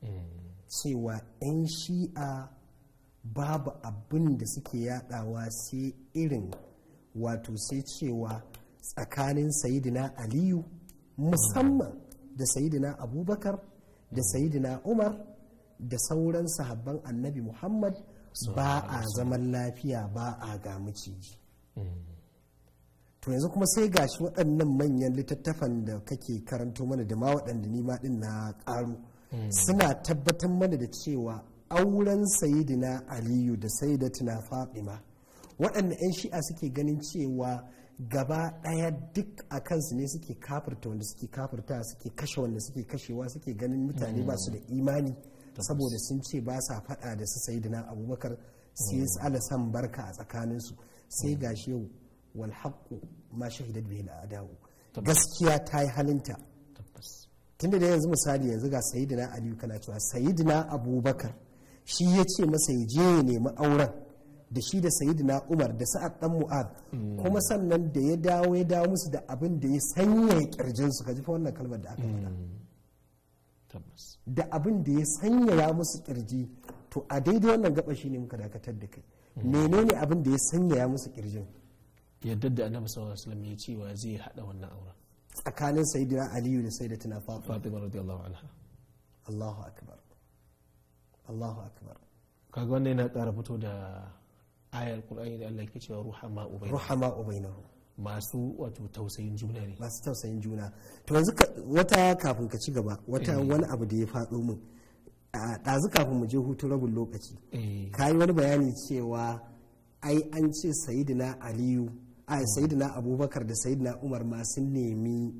hmm. cewa 'yan shi'a babu abin da suke yadawa sai irin wato sai cewa tsakanin sayidina aliyu musamman hmm. da sayidina abubakar da sayidina umar da sauran sahabban annabi muhammad ba a zaman lafiya ba a ga maciji hmm. to yanzu kuma sai gashi waɗannan manyan littattafan da kake karanto mana da ma waɗanda nima ɗin na ƙaru hmm. suna tabbatar mana da cewa auren sayidina aliyu da sayidatina fatima waɗanda 'yan shi'a suke ganin cewa gaba ɗaya duk a kansu ne suke kafirta wanda suke kafirta suke kashe wanda suke kashewa suke ganin mutane ba su da hmm. imani saboda sun ce ba sa faɗa da su sai dina abubakar sai ya tsala san barka a su sai gashi yau wal ma shahidat bihi al gaskiya ta yi halinta tunda da yanzu misali yanzu ga sayyidina aliyu kana cewa sayyidina abubakar shi ya ce masa ya je ya nemi auren da shi da sayyidina umar da sa'ad dan mu'ad mm. kuma sannan da ya dawo ya dawo musu da abin da ya sanya su ka ji fa wannan kalmar da aka faɗa mm. tabbas da abin da ya sanyaya musu kirji to a daidai wannan gaba shine muka dakatar da kai menene abin da ya sanyaya musu kirjin yadda da annabi sallallahu alaihi wasallam ya cewa zai hada wannan auren tsakanin sayyidina aliyu da sayyidatina fatima radiyallahu anha Allahu akbar Allahu akbar kaga wannan yana kara fito da ayar qur'ani da Allah yake cewa ruhama ubainahu ruhama ubainahu masu wato tausayin juna ne masu tausayin juna to yanzu wata kafin ka ci gaba wata eh. wani abu da ya faɗo min ɗazu kafin mu je hutun rabin lokaci eh. ka yi wani bayani cewa ai an ce sayidina aliyu a hmm. sayidina abubakar da sayidina umar masu nemi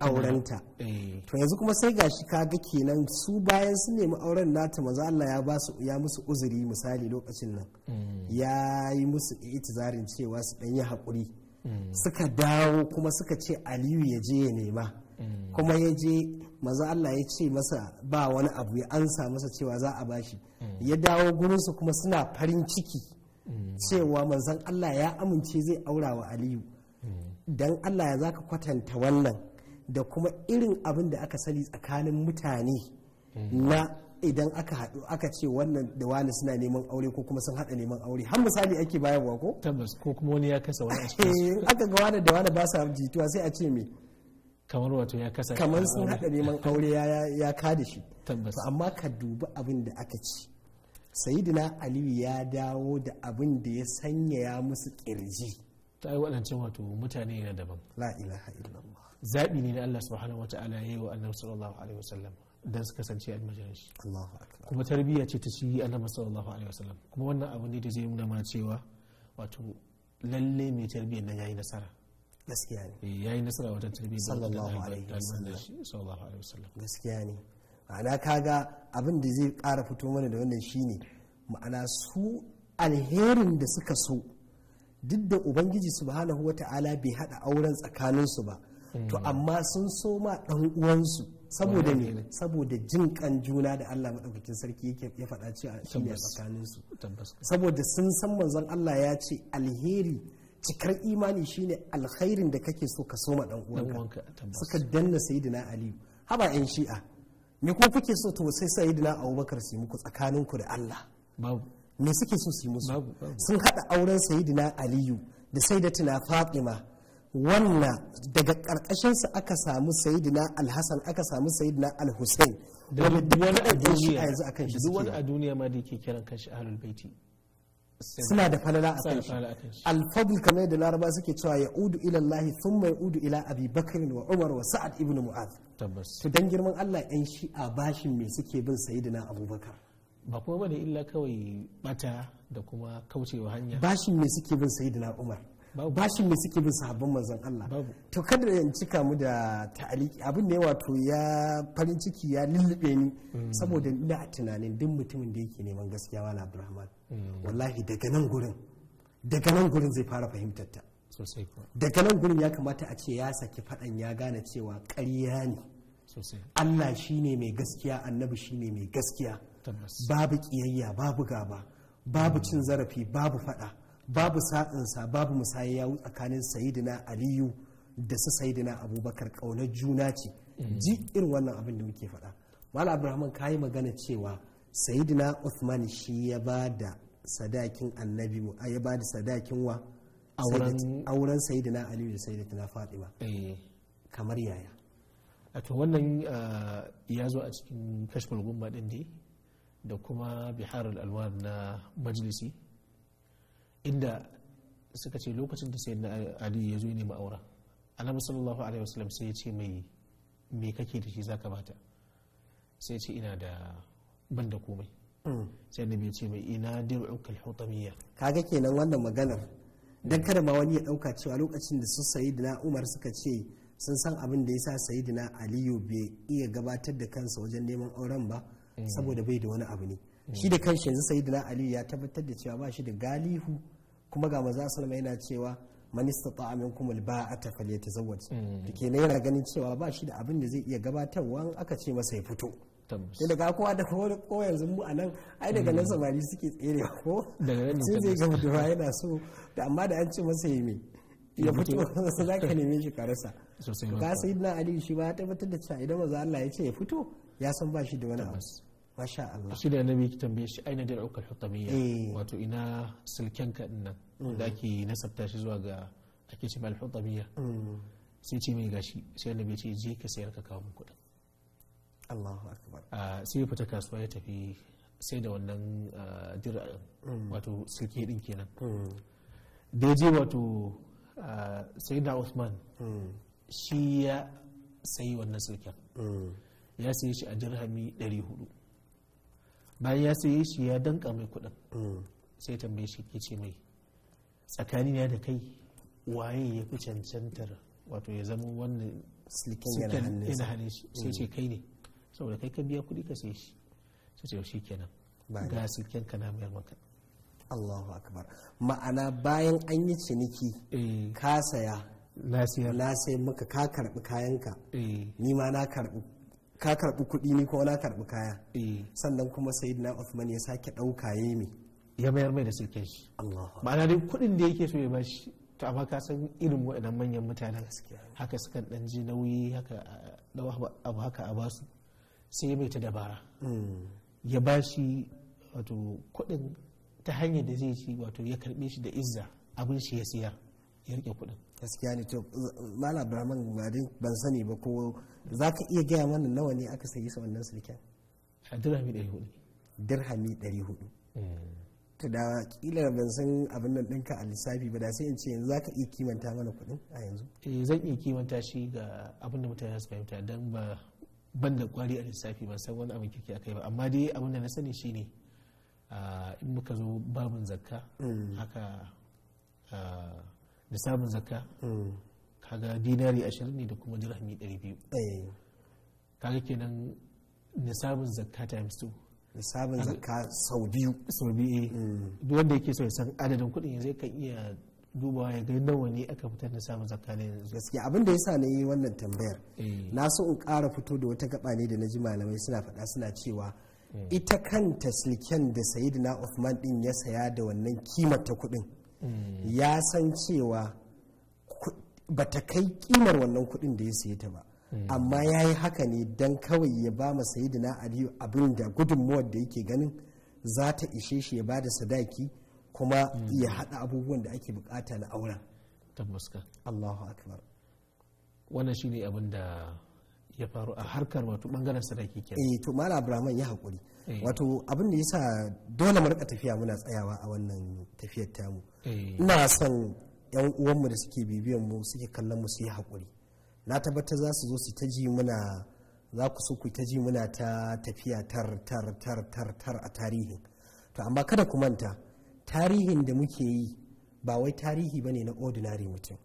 aurenta eh. to yanzu kuma sai gashi kaga kenan su bayan sun nemi auren nata maza Allah ya ba su ya musu uzuri misali lokacin nan hmm. ya yi musu itizarin cewa su dan yi haƙuri Mm. suka dawo kuma suka ce aliyu ya je ya nema mm. kuma ya je maza Allah ya ce masa ba wani abu ya ansa masa cewa za a bashi mm. ya dawo gurinsu kuma suna farin ciki cewa manzan Allah ya amince zai aura wa aliyu don Allah ya zaka kwatanta wannan da kuma irin abin da aka sani tsakanin mutane na idan aka haɗu aka ce wannan da wani suna neman aure ko kuma sun haɗa neman aure har misali ake bayarwa ko tabbas ko kuma wani ya kasa wani a eh, aka ga wani da wani ba sa jituwa sai a ce me kamar wato ya kasa kamar sun haɗa neman aure ya kada shi tabbas amma ka dubi abin da aka ci sayidina aliyu ya dawo da abin da ya sanyaya musu kirji ta yi waɗancan wato mutane na daban la ilaha illallah zaɓi ne na Allah subhanahu wa ta'ala ya yi wa annabi sallallahu alaihi wasallam dan su kasance almajiran shi kuma tarbiyya ce ta shi annabi sallallahu alaihi wasallam kuma wannan abu ne da zai nuna mana cewa wato lalle mai tarbiyyar nan yayi nasara gaskiya ne eh, yayi nasara wajen tarbiyyar sallallahu alaihi wasallam gaskiya ne ma'ana kaga abin da zai kara fito mana da wannan shine ma'ana su alherin da suka so duk da ubangiji subhanahu wata'ala bai hada auren tsakaninsu ba to hmm. amma sun so ma dan uwansu saboda ne saboda jin kan juna da Allah madaukakin sarki yake ya faɗa ce a shine tsakanin su saboda sun san manzon Allah ya ce alheri cikar imani shine alkhairin da kake so ka soma dan uwanka suka danna sayyidina Ali haba yan shi'a me kuma kuke so to sai sayyidina Abubakar su muku tsakanin ku da Allah babu me suke so su yi musu sun hada auren sayyidina Aliyu da sayyidatina Fatima wannan daga ƙarƙashinsa aka samu sayidina alhassan aka samu sayidina alhussein duk wani a duniya yanzu akan shi duk wani a duniya ma da yake kiran kanshi ahlul baiti suna da falala a kan shi alfadl kamar da laraba suke cewa ya udu ila allahi thumma ya udu ila abi bakr wa umar wa sa'ad ibn mu'adh tabbas to dan girman Allah yan a bashin me suke bin sayidina abubakar ba kuma bane illa kawai bata da kuma kaucewa hanya bashin me suke bin sayidina umar bashin mai suke bin sahabban manzon Allah to kada ya cika mu da ta'aliki abin da ya wato ya farin ciki ya lullube ni mm. saboda ina tunanin duk mutumin da yake neman gaskiya wala Abdulrahman mm. wallahi daga nan gurin daga nan gurin zai fara fahimtar ta daga nan gurin ya kamata a ce ya saki fadan ya gane cewa ƙarya ne Allah shine mai gaskiya annabi shine mai gaskiya babu kiyayya babu gaba babu cin zarafi babu fada babu sa'insa babu musayaya tsakanin sayidina aliyu da su sayidina abubakar ƙaunar juna ce mm-hmm. ji irin wannan abin da muke faɗa mala abraham ka yi magana cewa sayidina uthman shi ya ba da sadakin annabi ya ba da sadakin wa auren sayidina aliyu da sayidina fatima eh. kamar yaya to wannan ah, ya zo a cikin kashfar gumma din da kuma bihar al'alwar na majalisi inda suka ce lokacin da sai ali ya zo ne ma'aura annabi sallallahu alaihi wasallam sai ya ce mai me kake da shi zaka bata sai ce ina da ban da komai hmm. sai annabi ya ce mai ina dir'uka al-hutamiyya kaga kenan wannan maganar dan kada ma wani ya dauka cewa lokacin da sayi na umar suka ce sun san abin da yasa sayyidina aliyu bai iya gabatar da kansa wajen neman auren ba eh. saboda bai da wani abu ne eh. shi da kanshi yanzu sayyidina aliyu ya tabbatar da cewa ba shi da galihu kuma ga maza sallama yana cewa manista kuma man a minkum ta falyatazawwaj to mm. nai yana ganin cewa ba shi da abin da zai iya gabatarwa aka ce masa ya fito sai daga kowa da kowa ko yanzu mu nan. ai daga mm. nan samari suke tsere ko sai zai ga mutuwa yana so da amma da an ce masa ya me ya fito sai za ka neme shi ka rasa Ga sai na ali shi ba ya tabbatar da cewa idan maza Allah ya ce ya fito ya san ba shi da wani abu masha Allah shi da annabi ki tambaye shi aina da ukal hutamiyya eh. wato ina sulken ka din nan mm. da ake nasabta shi zuwa ga ake ce mal hutamiyya mm. sai ce mai gashi sai annabi ce je ka sayar ka kawo mu kuɗin Allahu akbar ah, sai ya fita kasuwa ya tafi sai da wannan ah, dir'a mm. wato sulke din kenan da ya je wato ah, sai da Uthman shi ya sayi wannan sulken ya sayi shi a dirhami 400 bayan ya saye shi ya danka mai kuɗin mm. sai tambaye shi ke ce mai tsakanina da kai waye ya fi cancantar wato ya zama wannan slikin yana hannun shi sai ce mm. kai ne saboda kai ka biya kuɗi ka sai shi sai ce shi kenan ga slikin ka na mayar maka Allahu akbar ma'ana bayan an yi ciniki eh. ka saya na sai maka ka karbi kayanka eh. ni ma na karbi ka karbi kuɗi ni ko na karbi kaya eh. sannan kuma sayyidina Uthman ya sake dauka yemi ya mayar mai da suke shi ma'ana dai kuɗin da yake so ya bashi to amma ka san irin waɗannan manyan mutanen haka sukan ɗan ji nauyi haka abu haka a basu sai mai ta dabara hmm. ya bashi wato kuɗin ta hanyar da zai ci wato ya karbe shi da izza abin shi ya siyar ya rike kuɗin gaskiya ne to malam brahman ban sani ba ko za ka iya gaya mana nawa ne aka sayi sa wannan silken dirhami 400 hudu dirhami 400 hudu eh. to da kila ban san abin nan dinka a lissafi ba da sai in ce yanzu za ka iya kimanta mana kuɗin a yanzu eh zan iya kimanta shi ga abin da mutane su fahimta don ba ban da kwari a lissafi ban san wani abin kirki akai ba amma dai abin da na sani shine ah, in muka zo babin zakka mm. haka ah, nisabin zakka hmm. kaga dinari ashirin ne da kuma dirhami ɗari biyu eh. kaga kenan nisabin zakka times two nisabin zakka sau biyu sau biyu eh. hmm. duk wanda yake so ya san adadin kuɗin yanzu kan iya dubawa ya ga nawa ne aka fitar da samun zakka ne yanzu gaskiya abin da yasa na yi wannan tambayar eh. na so in ƙara fito da wata gaba ne da na ji malamai suna faɗa suna cewa ita kanta silken da sayidina Uthman din ya saya da wannan kimar ta kuɗin Mm. ya san cewa ba ta kai kimar wannan kuɗin da ya saye ta ba mm. amma ya yi haka ne don kawai ya ba ma dina aliyu abin da gudunmuwar da yake ganin za ta ishe shi ya ba da sadaki kuma mm. ya haɗa abubuwan da ake bukata na auren tabbaska allahu akbar wannan ne abin da ya faru a harkar wato bangaren sadaki ke eh to mala abraman ya hakuri eh. wato abin da yasa dole mu rika tafiya muna tsayawa a wannan tafiyar tamu ina son yan uwanmu da suke bibiyan mu suke kallon mu su yi haƙuri na tabbata za su zo su ta ji muna za ku so ta ji muna ta tafiya tar tar tar tar tar a tarihin to amma kada ku manta tarihin da muke yi ba wai tarihi bane na ordinary mutum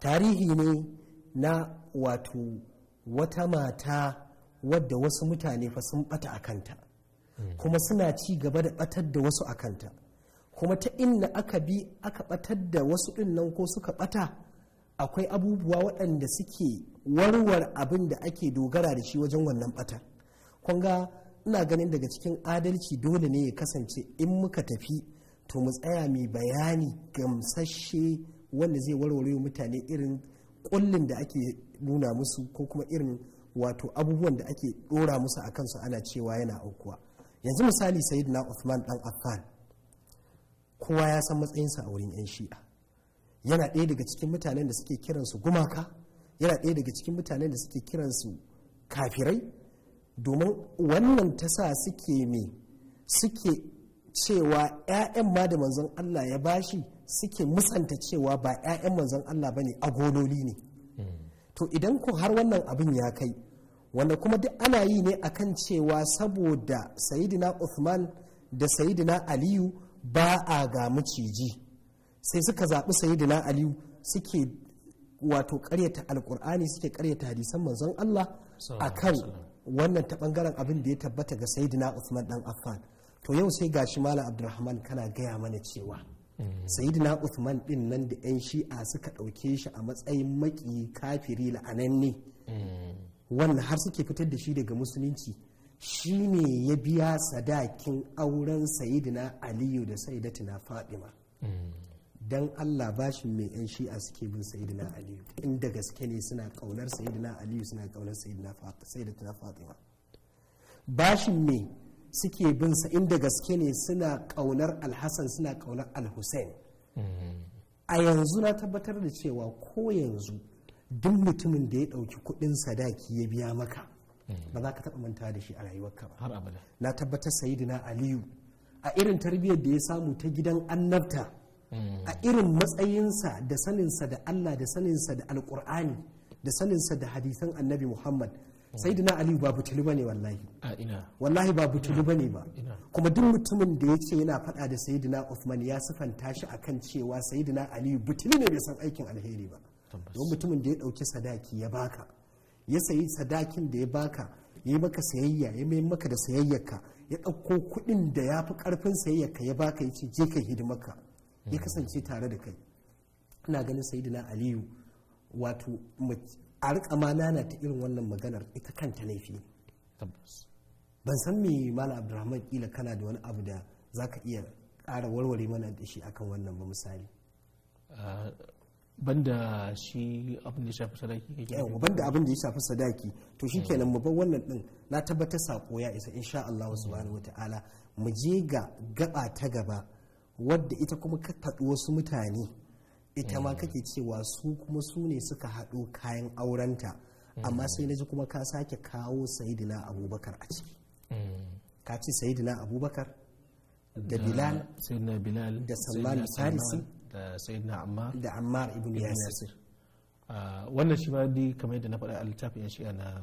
tarihi ne na wato wata mata wadda wasu mutane fa sun bata a kanta hmm. kuma suna ci gaba da batar da wasu a kanta kuma ta inna aka bi aka batar da wasu ɗin nan ko suka bata akwai abubuwa waɗanda suke warware abin da ake dogara da shi wajen wannan batar kunga ina ganin daga cikin adalci dole ne ya kasance in muka tafi to mu tsaya mai bayani gamsashe wanda zai warware mutane irin kullin da ake nuna musu ko kuma irin wato abubuwan da ake dora musu a kansu ana cewa yana aukuwa yanzu misali sayid na Uthman dan Affan kowa ya san matsayinsa a wurin 'yan shi'a yana ɗaya daga cikin mutanen da suke kiransu gumaka yana ɗaya daga cikin mutanen da suke kiransu kafirai domin wannan ta sa suke me suke cewa 'ya'yan ma da manzon Allah ya bashi suke musanta cewa ba 'ya'yan manzon Allah ba ne a agololi ne to idan ku har wannan abin ya kai wanda kuma duk ana yi ne akan cewa saboda sayidina Uthman da sayidina Aliyu ba a ga maciji sai suka zaɓi Sayyidina aliyu suke wato karyata alkur'ani suke karyata hadisan manzon Allah A kan wannan ta bangaren abin da ya tabbata ga sayidina Usman ɗan Affan to yau sai gashi malam Abdulrahman kana gaya mana cewa mm. sayidina Usman din nan da yan shi'a suka ɗauke shi a matsayin maki kafiri la'ananne mm. wannan har suke fitar da shi daga musulunci shi ne ya biya sadakin auren sayidina aliyu da sayidatina fadima don allah bashin mai yan shi'a suke bin sayidina aliyu inda gaske ne suna kaunar sayidina aliyu suna kaunar sayidatina fadima bashin mai suke bin sa inda gaske ne suna kaunar alhassan suna kaunar alhussein a yanzu na tabbatar da cewa ko yanzu duk mutumin da ya ɗauki kuɗin sadaki ya biya maka ba za ka taɓa manta da shi a rayuwarka ba har abada na tabbatar sayidina aliyu a irin tarbiyyar da ya samu ta gidan annabta a mm. irin matsayinsa da saninsa da allah da saninsa da alkur'ani da saninsa da hadisan annabi muhammad mm. sayidina aliyu ba butulu bane wallahi wallahi ba butulu bane ba kuma duk mutumin da yake yana faɗa da sayidina usman ya sifanta shi akan cewa sayidina aliyu butulu ne bai san aikin alheri ba don mutumin da ya ɗauki sadaki ya baka ya sayi sadakin da ya baka ya yi maka sayayya ya mai maka da sayayyarka ya ɗauko kuɗin da ya fi ƙarfin sayayyarka ya baka ya ce je ka hidimarka ya hmm. kasance tare da kai ina ganin sayidina aliyu wato a riƙa ma nana ta irin wannan maganar ita kanta laifi ban san me mala abdulrahman kila kana da wani abu da zaka iya ƙara warware mana da shi akan wannan ba misali ah, banda shi abin da shafi sadaki banda abin da ya shafi sadaki to kenan mu bar wannan din na tabbatar sako ya isa insha Allah subhanahu wataala mu je ga gaba ta gaba wadda ita kuma ka wasu mutane ita ma eh. kake cewa su kuma su ne suka haɗo kayan aurenta amma sai na ji kuma ka sake kawo sayidina abubakar a ciki eh. ka ce sayidina abubakar da bilal da salman farisi sayyidina ammar da ammar ibn yasir ah, wannan shi ma dai kamar yadda na faɗa a littafin yan shi'a na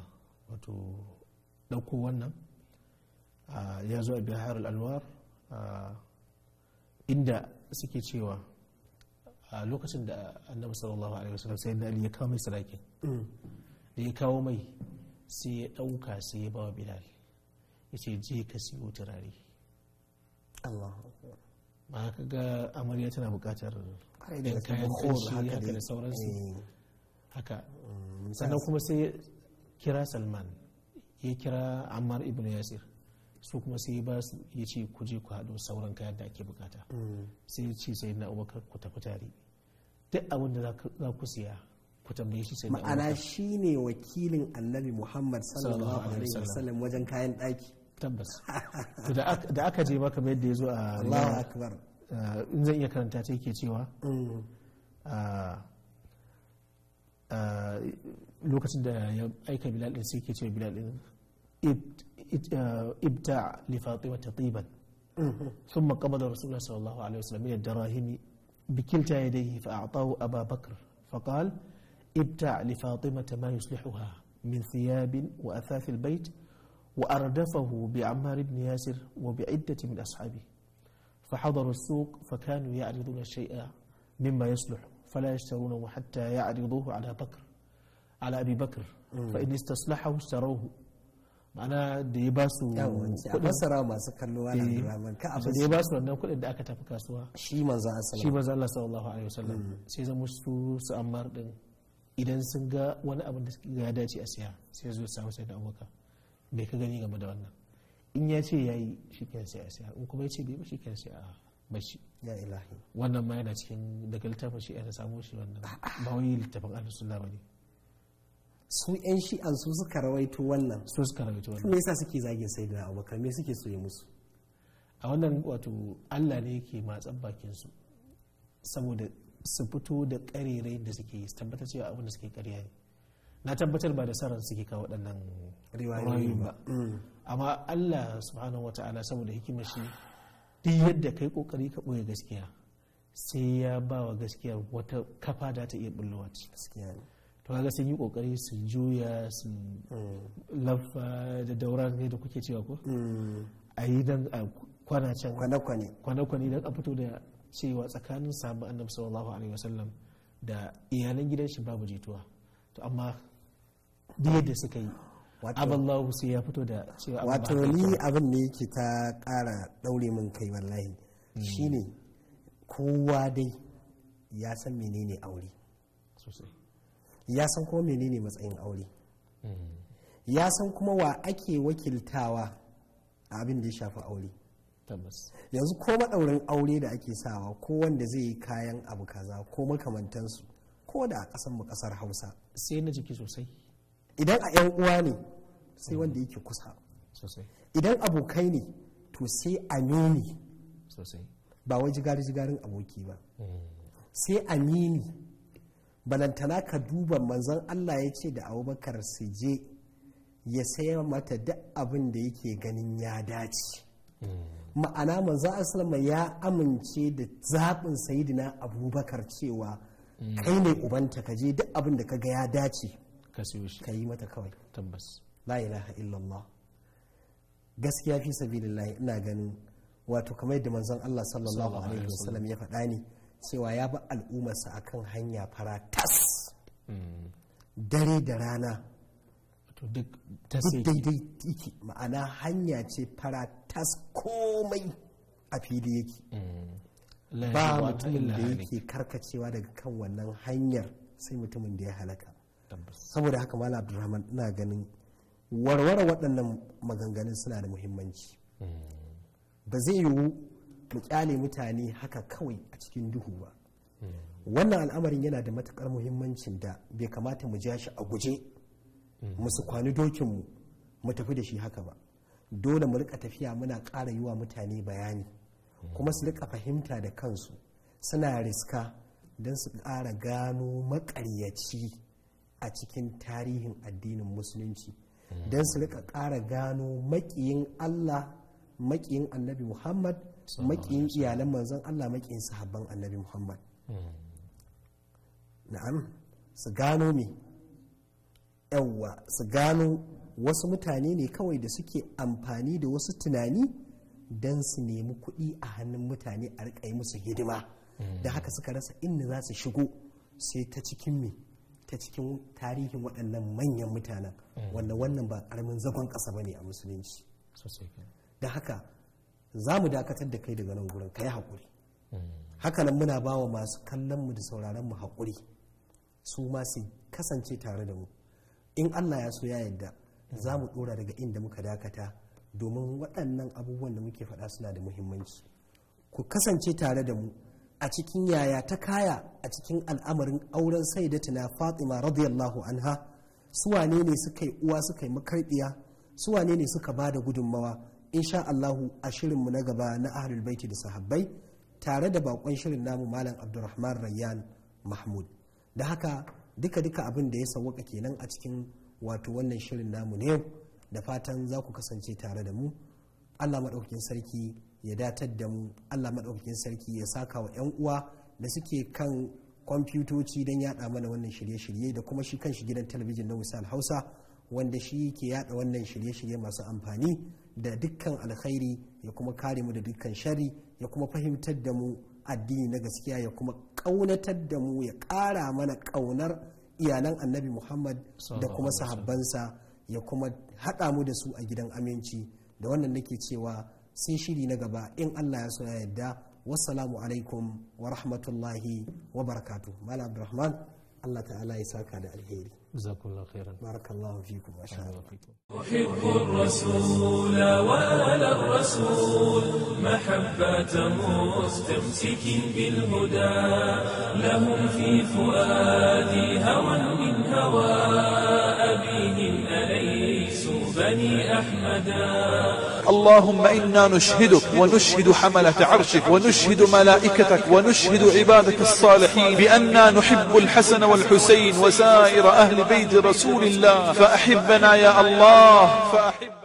wato ɗauko wannan ah, ya zo a bihar al'anwar ah, inda suke cewa a lokacin da annabi sallallahu alaihi wasallam sai da ya kawo mai sadakin mm. da ya kawo mai sai ya ɗauka sai ya bawa bilal ya ce je ka siyo turare Allah ba ka ga amarya tana buƙatar yan kayan kanshi haka da sauransu eh. haka mm, sannan kuma sai kira salman ya kira ammar ibn yasir su kuma sai ba su ya ce ku je ku haɗu sauran kayan da ake bukata mm. sai ya ce sai na abubakar ku tafi tare duk abin da za ku siya ku tambaye shi sai ma'ana shine wakilin annabi muhammad sallallahu alaihi wasallam wajen kayan ɗaki tabbas to da aka je maka mai yadda ya zo a Allahu akbar in zan iya karanta ta yake cewa lokacin da ya aika bilal din sai yake cewa bilal din ibta li fatima tatiban ثم قبض رسول الله صلى الله عليه وسلم من الدراهم بكلتا يديه فأعطاه أبا بكر فقال ابتع لفاطمة ما يصلحها من ثياب وأثاث البيت وأردفه بعمار بن ياسر وبعدة من أصحابه فحضروا السوق فكانوا يعرضون الشيء مما يصلح فلا يشترونه حتى يعرضوه على بكر على أبي بكر فإن استصلحه اشتروه معنا دي باسو كل سرا ما سكنوا على الرامان كأب دي باسو أن كل إن أكتر في كسوة شيء ما زال سلام شيء ما زال الله صلى الله عليه وسلم سيد مسلم سأمر إذا سنجا وأنا أبدا قادة أسيا سيد مسلم سيد أبو bai ka gani game da wannan in ya ce ya yi shi kyan sai a siya in kuma ya ce bai ba shi kyan sai a bashi ya ilahi wannan ma yana cikin daga littafin shi ya samu shi wannan ba wani littafin ahlus sunna bane su yan an su suka rawaito wannan su suka rawaito wannan me yasa suke zagin sayyidina abubakar me suke so ya musu a wannan wato Allah ne yake matsan bakin su saboda su fito da karerai da suke yi tabbatar cewa abin da suke karya ne na tabbatar ba da saran suke kawo waɗannan riwayoyi ba mm. amma Allah subhanahu wa ta'ala saboda hikimar shi duk yadda kai kokari ka ɓoye gaskiya sai ya ba wa gaskiya wata kafa da ta iya bullowa to kaga sun yi kokari su juya su mm. laffa da daura kai da kuke cewa ko mm. a yi dan a kwana can kwana-kwane kwana-kwane dan a fito da cewa tsakanin sahabban annabi sallallahu alaihi wasallam da iyalan gidan shi babu jituwa to amma duk yadda suka yi aballahu sai ya fito da cewa wato ni abin da yake ta kara daure min kai wallahi hmm. shine kowa dai ya san menene aure ya san kuma menene matsayin aure hmm. ya san kuma wa ake wakiltawa a abin da ya shafi aure yanzu ko maɗaurin aure da ake sawa ko wanda zai yi kayan abu kaza ko makamantansu ko da a ƙasar mu ƙasar hausa sai na jiki sosai idan a 'yan uwa ne sai hmm. wanda yake kusa idan abokai ne to sai a amini ba wai jigari-jigarin aboki ba hmm. sai a amini balantana ka duba manzan allah ya ce da abubakar su je ya sayar mata duk abin da yake ganin ya dace hmm. ma'ana manzan asalama ya amince da zaɓin sayidina abubakar cewa kai ne ubanta ka je duk abin da ka ga ya dace ka siyo shi ka yi mata kawai tabbas la ilaha illallah gaskiya fi sabilillahi ina ganin wato kamar yadda manzon Allah sallallahu alaihi wasallam ya faɗa ne cewa ya bi a akan hanya fara tas hmm. dare da rana duk daidai yake ma'ana hanya ce fara tas komai a fili yake hmm. ba mutumin da yake karkacewa daga kan wannan hanyar sai mutumin da ya halaka saboda haka malam abdulrahman ina ganin warware waɗannan maganganun suna da muhimmanci ba zai yiwu mu kyale mutane haka kawai a cikin duhu ba wannan al'amarin yana da matukar muhimmancin da bai kamata mu ja shi a guje musu kwani dokinmu mu tafi da shi haka ba dole mu rika tafiya muna ƙara yi wa mutane bayani kuma su rika fahimta da kansu suna riska don su ƙara gano maƙaryaci a cikin tarihin addinin musulunci don su rika ƙara gano maƙiyin allah maƙiyin annabi muhammad maƙiyin iyalan manzon allah maƙiyin sahabban annabi muhammad hmm. na'am su gano me yawwa su gano wasu mutane ne kawai da suke amfani da wasu tunani don su nemi kuɗi a hannun mutane a riƙa yi musu hidima hmm. da haka suka rasa inda za su shigo sai ta cikin me ta cikin tarihin waɗannan manyan mutanen mm. wanda wannan ba ƙaramin zagon ƙasa ba ne a musulunci da haka za mu dakatar da kai daga nan gurin ka yi haƙuri mm. hakanan muna ba wa masu kallonmu da sauraron mu haƙuri su ma su kasance tare da mu in allah ya so ya yadda mm. za mu ɗora daga inda muka dakata domin waɗannan abubuwan da muke faɗa suna da muhimmanci ku kasance tare da mu a cikin yaya ta kaya a cikin al'amarin auren tana fatima radiyallahu anha su wane ne suka yi uwa suka yi makarbiya su wane ne suka ba da gudunmawa insha Allahu a mu na gaba na ahlul baiti da sahabbai tare da bakon shirin namu malam abdurrahman rayyan mahmud da haka duka duka abin da ya sawwaka kenan a cikin wato wannan shirin namu ne da fatan za ku kasance tare da mu allah maɗaukakin sarki ya datar da mu allah maɗaukakin sarki ya saka wa 'yan uwa da suke kan kwamfutoci don yaɗa mana wannan shirye-shirye da kuma shi kanshi gidan talabijin na misal hausa wanda shi ke yaɗa wannan shirye-shirye masu amfani da dukkan alkhairi ya kuma kare mu da dukkan shari ya kuma fahimtar da mu addini na gaskiya ya kuma ƙaunatar da mu ya ƙara mana ƙaunar iyalan annabi muhammad da kuma sahabbansa ya kuma haɗa mu da su a gidan aminci da wannan nake cewa sai shiri na gaba in allah ya so ya yadda wassalamu alaikum wa rahmatullahi wa barakatu malam abdurrahman allah ta'ala ya saka da alheri جزاكم الله خيرا بارك الله فيكم وشاء الله فيكم أحب الرسول وآل الرسول محبة مستمسك بالهدى لهم في فؤادي هوى من هوى أبيهم أليسوا بني أحمدا اللهم إنا نشهدك ونشهد حملة عرشك ونشهد ملائكتك ونشهد عبادك الصالحين بأننا نحب الحسن والحسين وسائر أهل بيت رسول الله فأحبنا يا الله فأحبنا